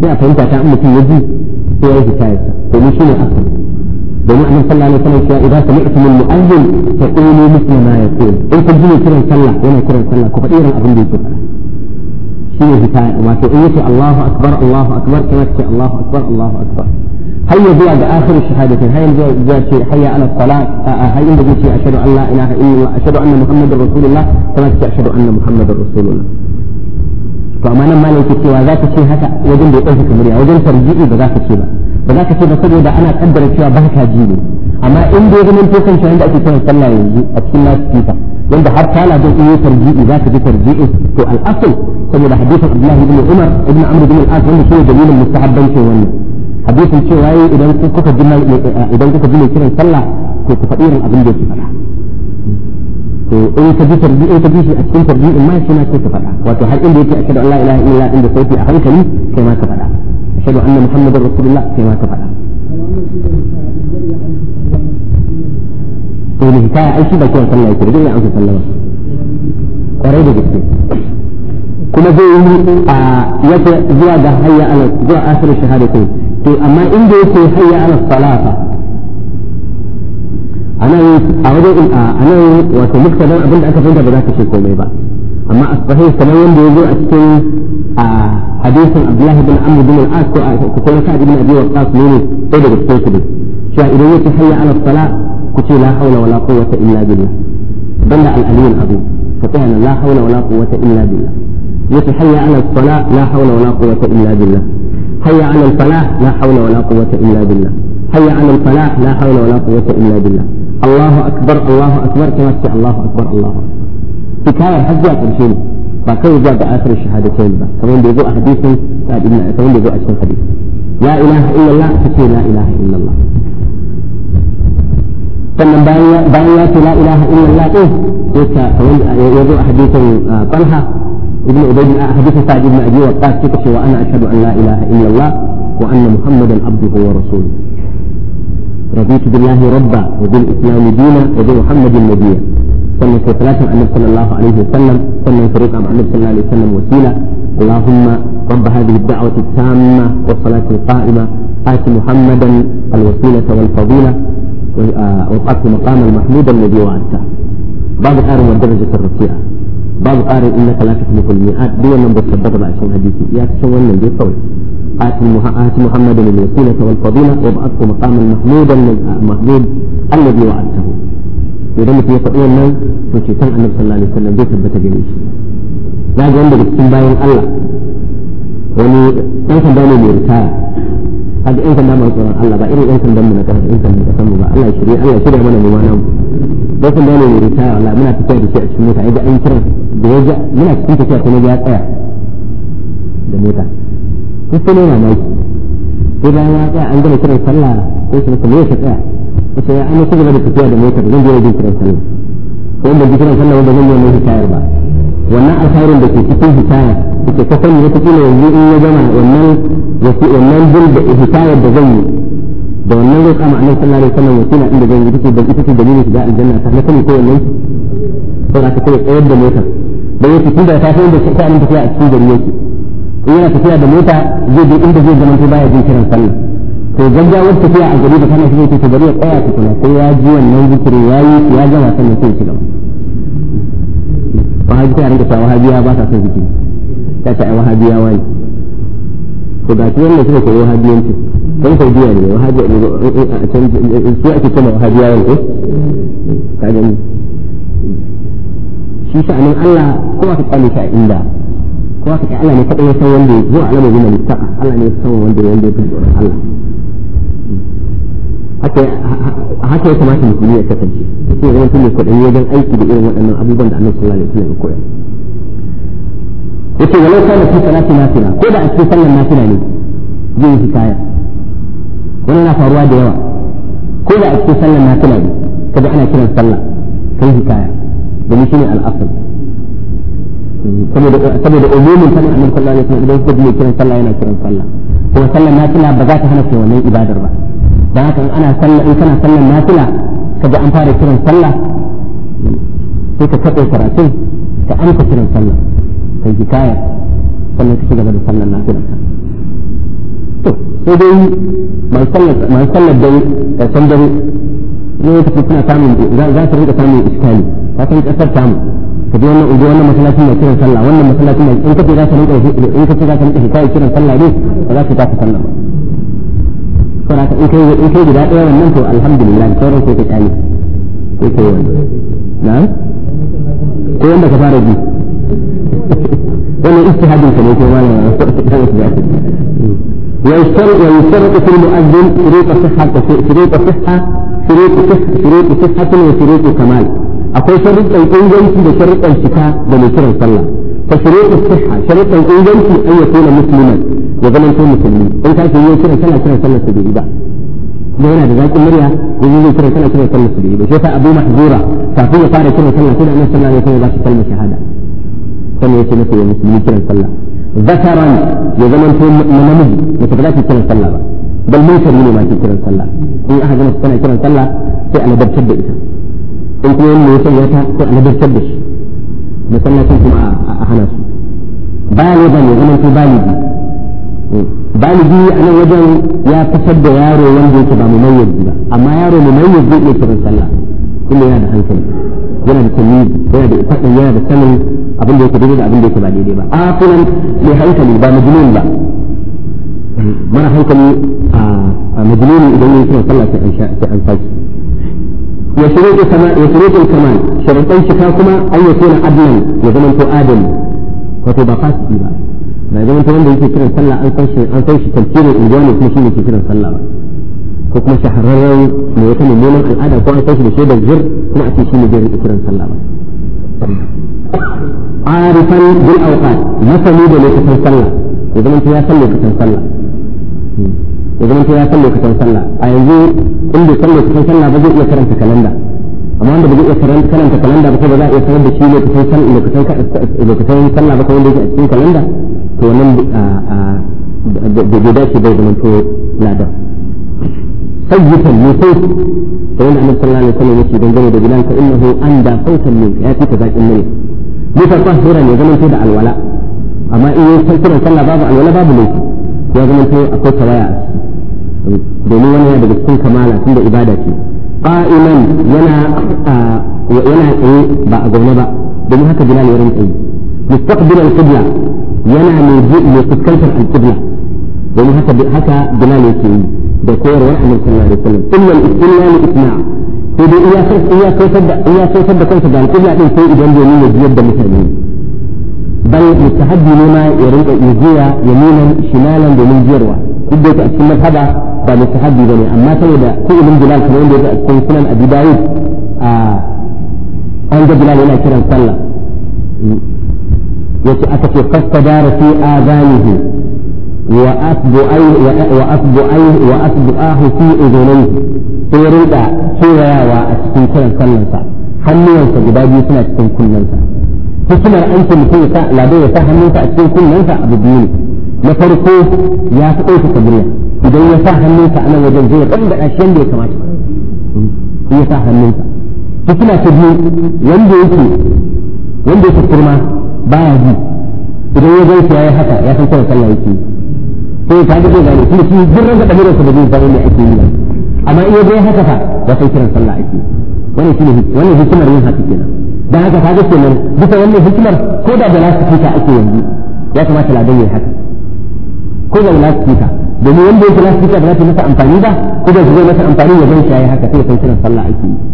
A: sai a fahimta ta mutum ya ji sai ya yi kayarsa domin shine asali بمعنى صلى الله عليه وسلم إذا سمعتم المؤذن فقولوا مثل ما يقول إن كنتم كرا صلى وما كرا صلى كفائرا أظن بي كفا شيء هتاية وفي الله أكبر الله أكبر كما الله أكبر الله أكبر هيا زياد آخر الشهادتين هيا زياد شيء هيا على الصلاة آه، آه، هيا إن بجيشي أشهد أن لا إله إلا الله أشهد أن محمد رسول الله كما أشهد أن محمد رسول الله فأمانا ما لو تكتوى ذات الشيء هكا وجنب يقول في كبريا وجنب بذات الشيء ba za ka ce ba saboda ana kaddara cewa ba ka ji ne amma in dai zaman to kan shayin da ake kiran sallah yanzu a cikin nasu kifa wanda har tana da iya tarji'i za ka ji tarji'i to al'asal saboda hadisin Abdullah ibn Umar ibn Amr ibn al-As wanda shi ne dalilin mustahabban ce wannan hadisin cewa yayi idan kuka ji idan kuka ji kiran sallah to ku faɗi irin abin da yake faɗa to in ka ji in ka ji a cikin tarbiyyar ma shi na ce ka faɗa wato har inda yake a kada Allah ilaha illa inda sauti a hankali kai ma ka faɗa أشهد أن محمد رسول الله فيما تفعل قوله تا عيش بكون صلى الله عليه وسلم صلى الله قريبا جدا كما جئه يد زيادة هيا على زيادة آخر الشهادة أما إن جئت هيا على الصلاة أنا أود أن آه، أنا وسمك سلام أبدا أكثر من ذلك شيء كوميبا أما الصحيح سلام بيجو أكثر حديث عبد الله بن عمرو بن العاص كقول سعد بن ابي وقاص نوني قدر الصوت شاهدوا يتحيى على الصلاة كتي لا حول ولا قوة إلا بالله على العلي العظيم فتهنا لا حول ولا قوة إلا بالله يتحيى على الصلاة لا حول ولا قوة إلا بالله حي على الفلاح لا حول ولا قوة إلا بالله حي على الفلاح لا حول ولا قوة إلا بالله الله أكبر الله أكبر كما الله أكبر الله أكبر في كاية حجة ba kawai zuwa ga akhir shahadatain ba kamar da yazo a hadisin sa'id ibn kamar da yazo a cikin hadisi la ilaha illallah kace la ilaha illallah sannan bayan bayan ya ce la ilaha illallah din yasa kamar yazo a hadisin Talha ibn Ubayd a hadisin Sa'd ibn Abi Waqqas yake cewa ana ashhadu an la ilaha illallah wa anna muhammadan abduhu wa rasuluhu رضيت بالله ربا وبالإسلام دينا وبمحمد نبيا sannan النبي salatin annabi sallallahu alaihi wasallam sannan ko النبي annabi sallallahu alaihi wasallam wasila اللهم رب هذه الدعوة التامة والصلاة القائمة آت محمدا الوسيلة والفضيلة وقف مقام المحمود الذي وعدته بعض قارئ والدرجة الرفيعة بعض قارئ إنك لا تخلف الميعاد دون من بتصدق بعشان حديثي يا تشون من قول آت محمدا الوسيلة والفضيلة وابعثه مقاما محمودا المحمود الذي وعدته idan mutum ya faɗi wannan to ceton annabi sallallahu alaihi wasallam zai tabbata gare shi za ga wanda cikin bayan Allah wani ɗan sanda ne mai ritaya haka ɗan sanda mai tsoron Allah ba irin ɗan sandan mu na ƙasa ɗan sanda ƙasan mu ba Allah shirya Allah shirya mana mu ma nan ɗan sanda ne mai ritaya Allah muna tafiya da shi a cikin mota yaji an kira da ya ga muna cikin tafiya kuma ya tsaya da mota kusa ne mamaki sai bayan ya tsaya an gama kiran sallah sai shi na me ya tsaya ita ya an ci gaba da tafiya da motar zan je wajen kiran sallah ko wanda ji kiran sallah wanda zan yi mai hitayar ba wannan alkhairin da ke cikin hitaya ita ta sani wata kila yanzu in ya gama wannan wasu wannan bil da hitayar da zan yi da wannan zai kama annabi sallallahu alaihi wasallam wasila inda zan yi ita ce da ita ce dalilin shiga aljanna ta na sani ko wannan ko za ta kuma tsayar da motar da yake tun da ta fi inda ta tafiya a cikin gari yake in yana tafiya da mota zai je inda zai zama to baya jin kiran sallah to gaggawar tafiya a gari da kana shi yake bari ya tsaya tukuna sai ya ji wannan zikiri ya yi ya gama sannan sai ya ci gaba wahabi ta rinka sa wahabiya ba sa son zikiri ta ta ai wahabiya wai to ga shi wanda suka koyi wahabiyanci sai biya ne wahabiya eh, eh, eh, ne su ake kuma wahabiya wai ko ka gani shi sha'anin Allah ko aka kwale shi a inda
B: ko aka kai Allah ne kadai ya san wanda ya zo alama
A: bin al Allah ne ya san wanda wanda ya fi Allah haka ya kamata musulmi ya kasance sai zama tun kwaɗayi wajen aiki da irin waɗannan abubuwan da annabi sallallahu alaihi wasallam ya koyar yace walau kana fi salati nafila ko da a cikin sallar nafila ne zai yi hikaya wannan na faruwa da yawa ko da a cikin sallar nafila ne kada ana kiran sallah kai hikaya domin shine al'asal saboda saboda umumin sanin annabi sallallahu alaihi wasallam idan kuka kiran sallah yana kiran sallah kuma sallar nafila ba za ta hana kai wannan ibadar ba da haka in ana sallah in kana sallan nafila ka ji an fara kiran sallah sai ka kaɗe karatun ka amsa kiran sallah ka yi kaya sannan ka ci gaba da sallan nafila to sai dai mai sallar mai sallar da san dare ne ta kana samun za ka rinka samun iskali ka san kasar samu ka ji wannan ugo wannan masallaci mai kiran sallah wannan masallaci mai in kace za ka rinka in kace za ka rinka kiran sallah ne ba za ka ta sallah ba saboda in kai in kai guda ɗaya wannan to alhamdulillah sauran sai ka kyale sai kai wannan na ko wanda ka fara ji wannan istihadin ka ne ko malam ويشترط ويشترط في المؤذن شروط صحة شروط صحة شروط صحة شروط صحة وشروط كمال أقول شرط الإنجنسي بشرط الشفاء بمشر الصلاة فشروط الصحة شرط الإنجنسي أن يكون مسلما وقال انتم مسلمين انت عايز يقول كده كان عشان صلى سبيه بقى ده انا ده كان مريا يقول كده كان عشان صلى سبيه بس شوف ابو محذوره فاقول صار كده صلى كده انا صلى عليه كده بس كلمه شهاده كان يقول كده مسلمين كده صلى ذكرا يقول انتم منامج متبلاش كده صلى بقى بل ليس من ما كده صلى في احد انا صلى كده صلى في انا بتشد انت انت من يقول يتا في انا بتشد مثلا كنت مع احناس بالغا يقول انتم بالغين baligi a nan wajen ya fitar da yaro wanda yake ba mumayyar ba amma yaro mumayyar zai iya kiran sallah kuma yana da hankali yana da tamiz yana da ifadin yana da sanin abin da yake daidai da abin da yake ba daidai ba aqilan mai hankali ba majnun ba mara hankali a majnun idan yake kiran sallah sai an sha sai an saki ya shirye kama ya shirye kama shirye kuma an yake na adnan ya zama to adam wato ba fasiki ba ما دام انت عندك كثير صلى القنش القنش تفسير الجامع في شيء كثير صلى حكم شهر رمضان ويكون المولى الأدى كون القنش بشيء بالجر ما في شيء بجر كثير صلى عارفا بالأوقات ما سميد لكثير صلى إذا انت يا صلى كثير صلى إذا انت يا صلى كثير أيوة، صلى أيزي عند صلى كثير صلى بجر يكثر في كلام ده أما عند بجر يكثر في كلام ده كلام ده بكون بجر يكثر بشيء لكثير صلى لكثير كثير صلى بكون بجر في كلام ده to nan da gida dace bai zama to ladan sayyitan ne sai da wani annabi sallallahu alaihi wasallam yake dangane da gidanka innahu anda sautan ne ya fi ta zakin ne ne fa tahira ne zaman to da alwala amma in yi kiran sallah babu alwala babu laifi ya zama to akwai tawaya domin wani yana daga cikin kamala tunda ibada ce qa'iman yana yana tsaye ba a zaune ba domin haka bilal ya rinka yi mustaqbil qibla yana mai fuskantar alƙibla don haka haka bilal yake yi da koyarwar annabi sallallahu alaihi wasallam illa illa li isma' sai dai iya sai iya sai da iya sai da kansa da alƙibla din sai idan domin ya biyar da mutane bal mutahabbi ne ma ya rinka yujiya yaminan shimalan domin jiyarwa duk da a cikin mazhaba ba mutahabbi bane amma saboda fi'ilin bilal kuma yadda yake a cikin sunan abi dawud a an ga bilal yana kiran sallah yake aka ce fastadara fi adanihi wa asbu wa asbu ay wa asbu ahu fi udunai sai rinka cewayawa a cikin kiran sallansa hannuwansa guda biyu suna cikin kunnensa hikimar an ce mutum ya sa lado ya sa hannunsa a cikin kunnensa abu biyu ne na farko ya fi ɗauka kabiriya idan ya sa hannunsa a nan wajen zai ɗan da ɗashen da ya kamata ya sa hannunsa hikima ta biyu wanda yake wanda yake kurma baya ji idan ya ya yi haka ya san kawai sallah yake sai ka ga gane kuma shi duk ran da damirin sa da zai zama ne ake yi amma in ya ga haka fa ya san kiran sallah ake wannan shine wannan hikimar yin haka kenan dan haka kaga kenan bisa wannan hikimar ko da da nasu kika ake yanzu ya kamata ladan yayi haka ko da nasu kika domin wanda yake nasu kika ba za ta masa amfani ba ko da zai masa amfani ya ya yi haka sai ya san kiran sallah ake yi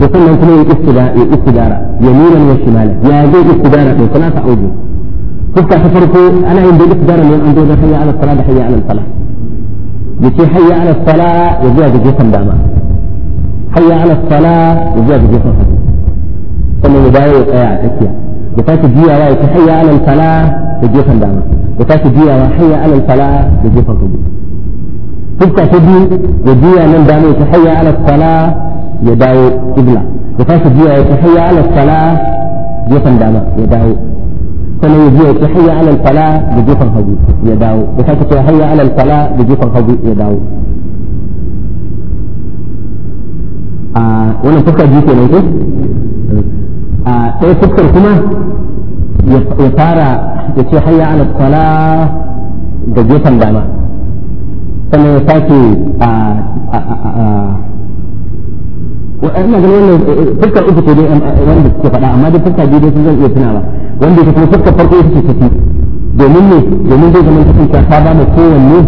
A: وصلنا كنا استدارة يمينا وشمالا يا زي استدارة من ثلاثة أوجه تفتح تفرقوا أنا عندي الاستدارة من أنظر حي على الصلاة حي على الصلاة يجي حي على الصلاة وزياد بجي داما حي على الصلاة وزياد بجي داما ثم يبايع وقيع أكيا يفات جيا ويجي حي على الصلاة وجسم داما يفات جيا وحي على الصلاة يجي سندامة تفتح تبي وجيا من داما حي على الصلاة ya dawo kibla ya fasa biya ya tahiyya ala gefen dama ya dawo sannan ya biya ya tahiyya ala sala da gefen hagu ya dawo ya fasa tahiyya ala da gefen hagu ya dawo a wannan fuska biyu kenan ko a ɗaya fuskar kuma ya fara ya ce hayya ala da gefen dama sannan ya sake a ina ganin wannan fuskar uku ce dai eh, wanda suke faɗa amma dai fuska biyu dai sun zan iya ba wanda ita kuma fuskar farko ita tafi domin ne domin zai zama cikin ta ta bada kowanne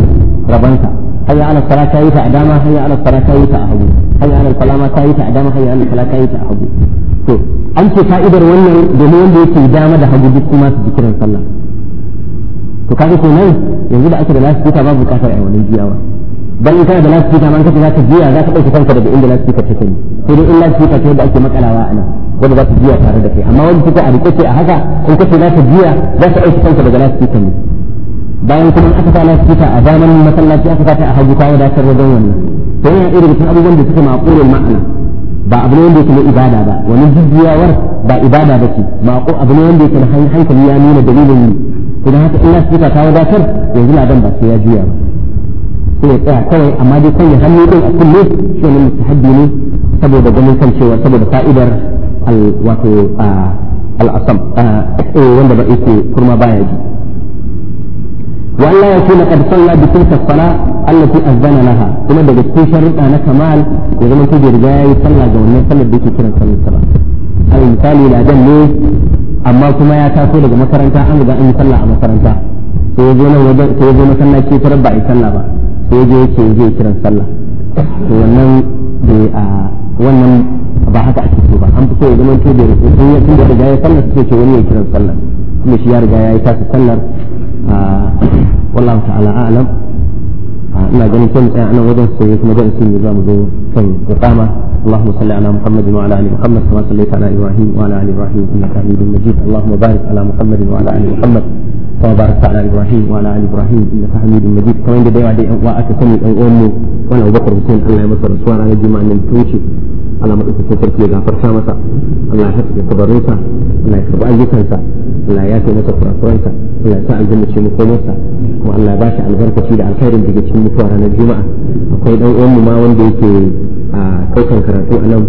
A: rabansa hayya ala sala ta yi ta a dama hayya ala sala ta yi ta a hagu hayya ala salama ta yi ta a dama hayya ala sala ta yi ta a hagu to an ce fa'idar wannan domin wanda yake dama da hagu duk kuma su ji kiran sallah to kaga ko nan yanzu da aka da lasifika babu bukatar ai wannan jiyawa dan in kana da lasifika man kace za ka jiya za ka ɗauki kanka daga inda lasifika take ne sai dai illa shi ka da ake makalawa a nan wanda za ta biya tare da kai amma wanda take a rike a haka in kace za ta biya za ta aiki kanka daga lafi kan ne bayan kuma aka sa lafi ta a zaman masallaci aka sa ta a hagu ta wadatar wajen wannan to yana irin cikin abubuwan da suke maqulul ma'ana ba abu ne wanda yake na ibada ba wani jijjiyawar ba ibada ba ce maqul abu ne wanda yake na hankali ya nuna dalilin ne ko da haka in lafi ta wadatar yanzu na dan ba sai ya juya ba sai ya tsaya kawai amma dai kan ya hannu din a kulle shi ne mustahabbi ne saboda ganin kan cewa saboda fa'idar wato al'asam wanda ba yake kurma baya ji wa Allah ya kuna kad salla bi tilka sala allati azana laha kuma daga cikin sharuda na kamal ya zama ta riga yayi sallah ga wannan sallar da yake kiran sallar sala al misali dan ne amma kuma ya taso daga makaranta an riga an yi sallah a makaranta sai ya zo nan wajen sai ya zo masallaci ta rabba yi sallah ba sai ya je yake zai kiran sallah to wannan da a wannan ba haka ake so ba an fi so ya zama to da in ya tunda riga ya sallar sai ce wani ya kiran sallar kuma shi ya riga ya yi sallar wallahu ta'ala a'lam ina ganin sai tsaya anan wajen sai kuma ga sun za mu zo kan iqama اللهم صل على محمد وعلى ال محمد كما صليت على ابراهيم وعلى ال ابراهيم انك حميد مجيد اللهم بارك على محمد وعلى ال محمد kuma baraka ala ibrahim wa ala ali ibrahim innaka hamidum majid kamar da daiwa da yan uwa aka sani dan uwan mu wani abubakar hussein Allah ya masa rasuwa ranar juma'a nan tunce Allah madaukakin sarki ya gafarta masa Allah ya haɗa kabarinsa Allah ya karɓi ayyukansa Allah ya kai masa kurakuransa Allah ya sa aljanna ce mu komarsa kuma Allah ya ba shi albarkaci da alkhairin daga cikin mutuwa ranar juma'a akwai dan mu ma wanda yake a kaukan karatu a nan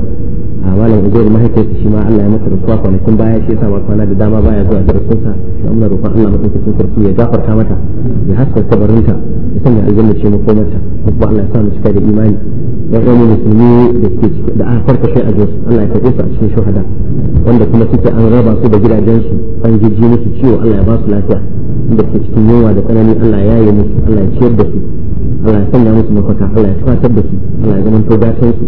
A: a malam ubair mahaifiyar shi ma Allah ya masa rasuwa kwanakin baya shi yasa kwana da dama baya zuwa darasinsa da amma rufa Allah madaukakin sarki ya gafarta mata ya haska kabarinta ya sanya aljanna ce mako mata kuma Allah ya sa mu cika da imani ya zama musulmi da suke da aka farka shi a jos Allah ya kaje su a cikin shuhada wanda kuma suke an raba su da gidajensu an jijji musu ciwo Allah ya ba su lafiya inda suke cikin yunwa da tsanani Allah ya yi musu Allah ya ciyar da su Allah ya sanya musu mafaka Allah ya tufatar da su Allah ya zamanto gatan su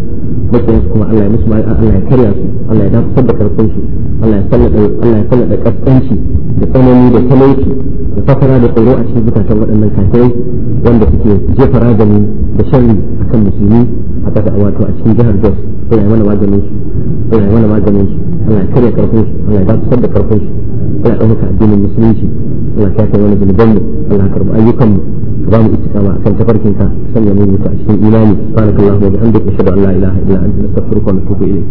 A: makiyansu kuma Allah ya musu Allah ya karya su Allah ya dafa da karfin su Allah ya sallada Allah ya sallada kaskanci da tsanani da talauci da fakara da tsoro a cikin zukatan waɗannan kafirai wanda suke jefa ragami da sharri akan musulmi a ƙasa wato a cikin jihar Jos Allah ya mana maganin su Allah ya mana maganin su Allah ya karya karfin su Allah ya dafa da karfin su Allah ya ɗaukaka addinin musulunci Allah ya kai wani mu Allah ya ayyukan mu mu ba karɓi ayyukanmu بام استقامة كان تفرك انت سمي من متعشين إيماني سبحانك اللهم وبحمدك أشهد la ilaha illa anta astaghfiruka wa atubu ilayk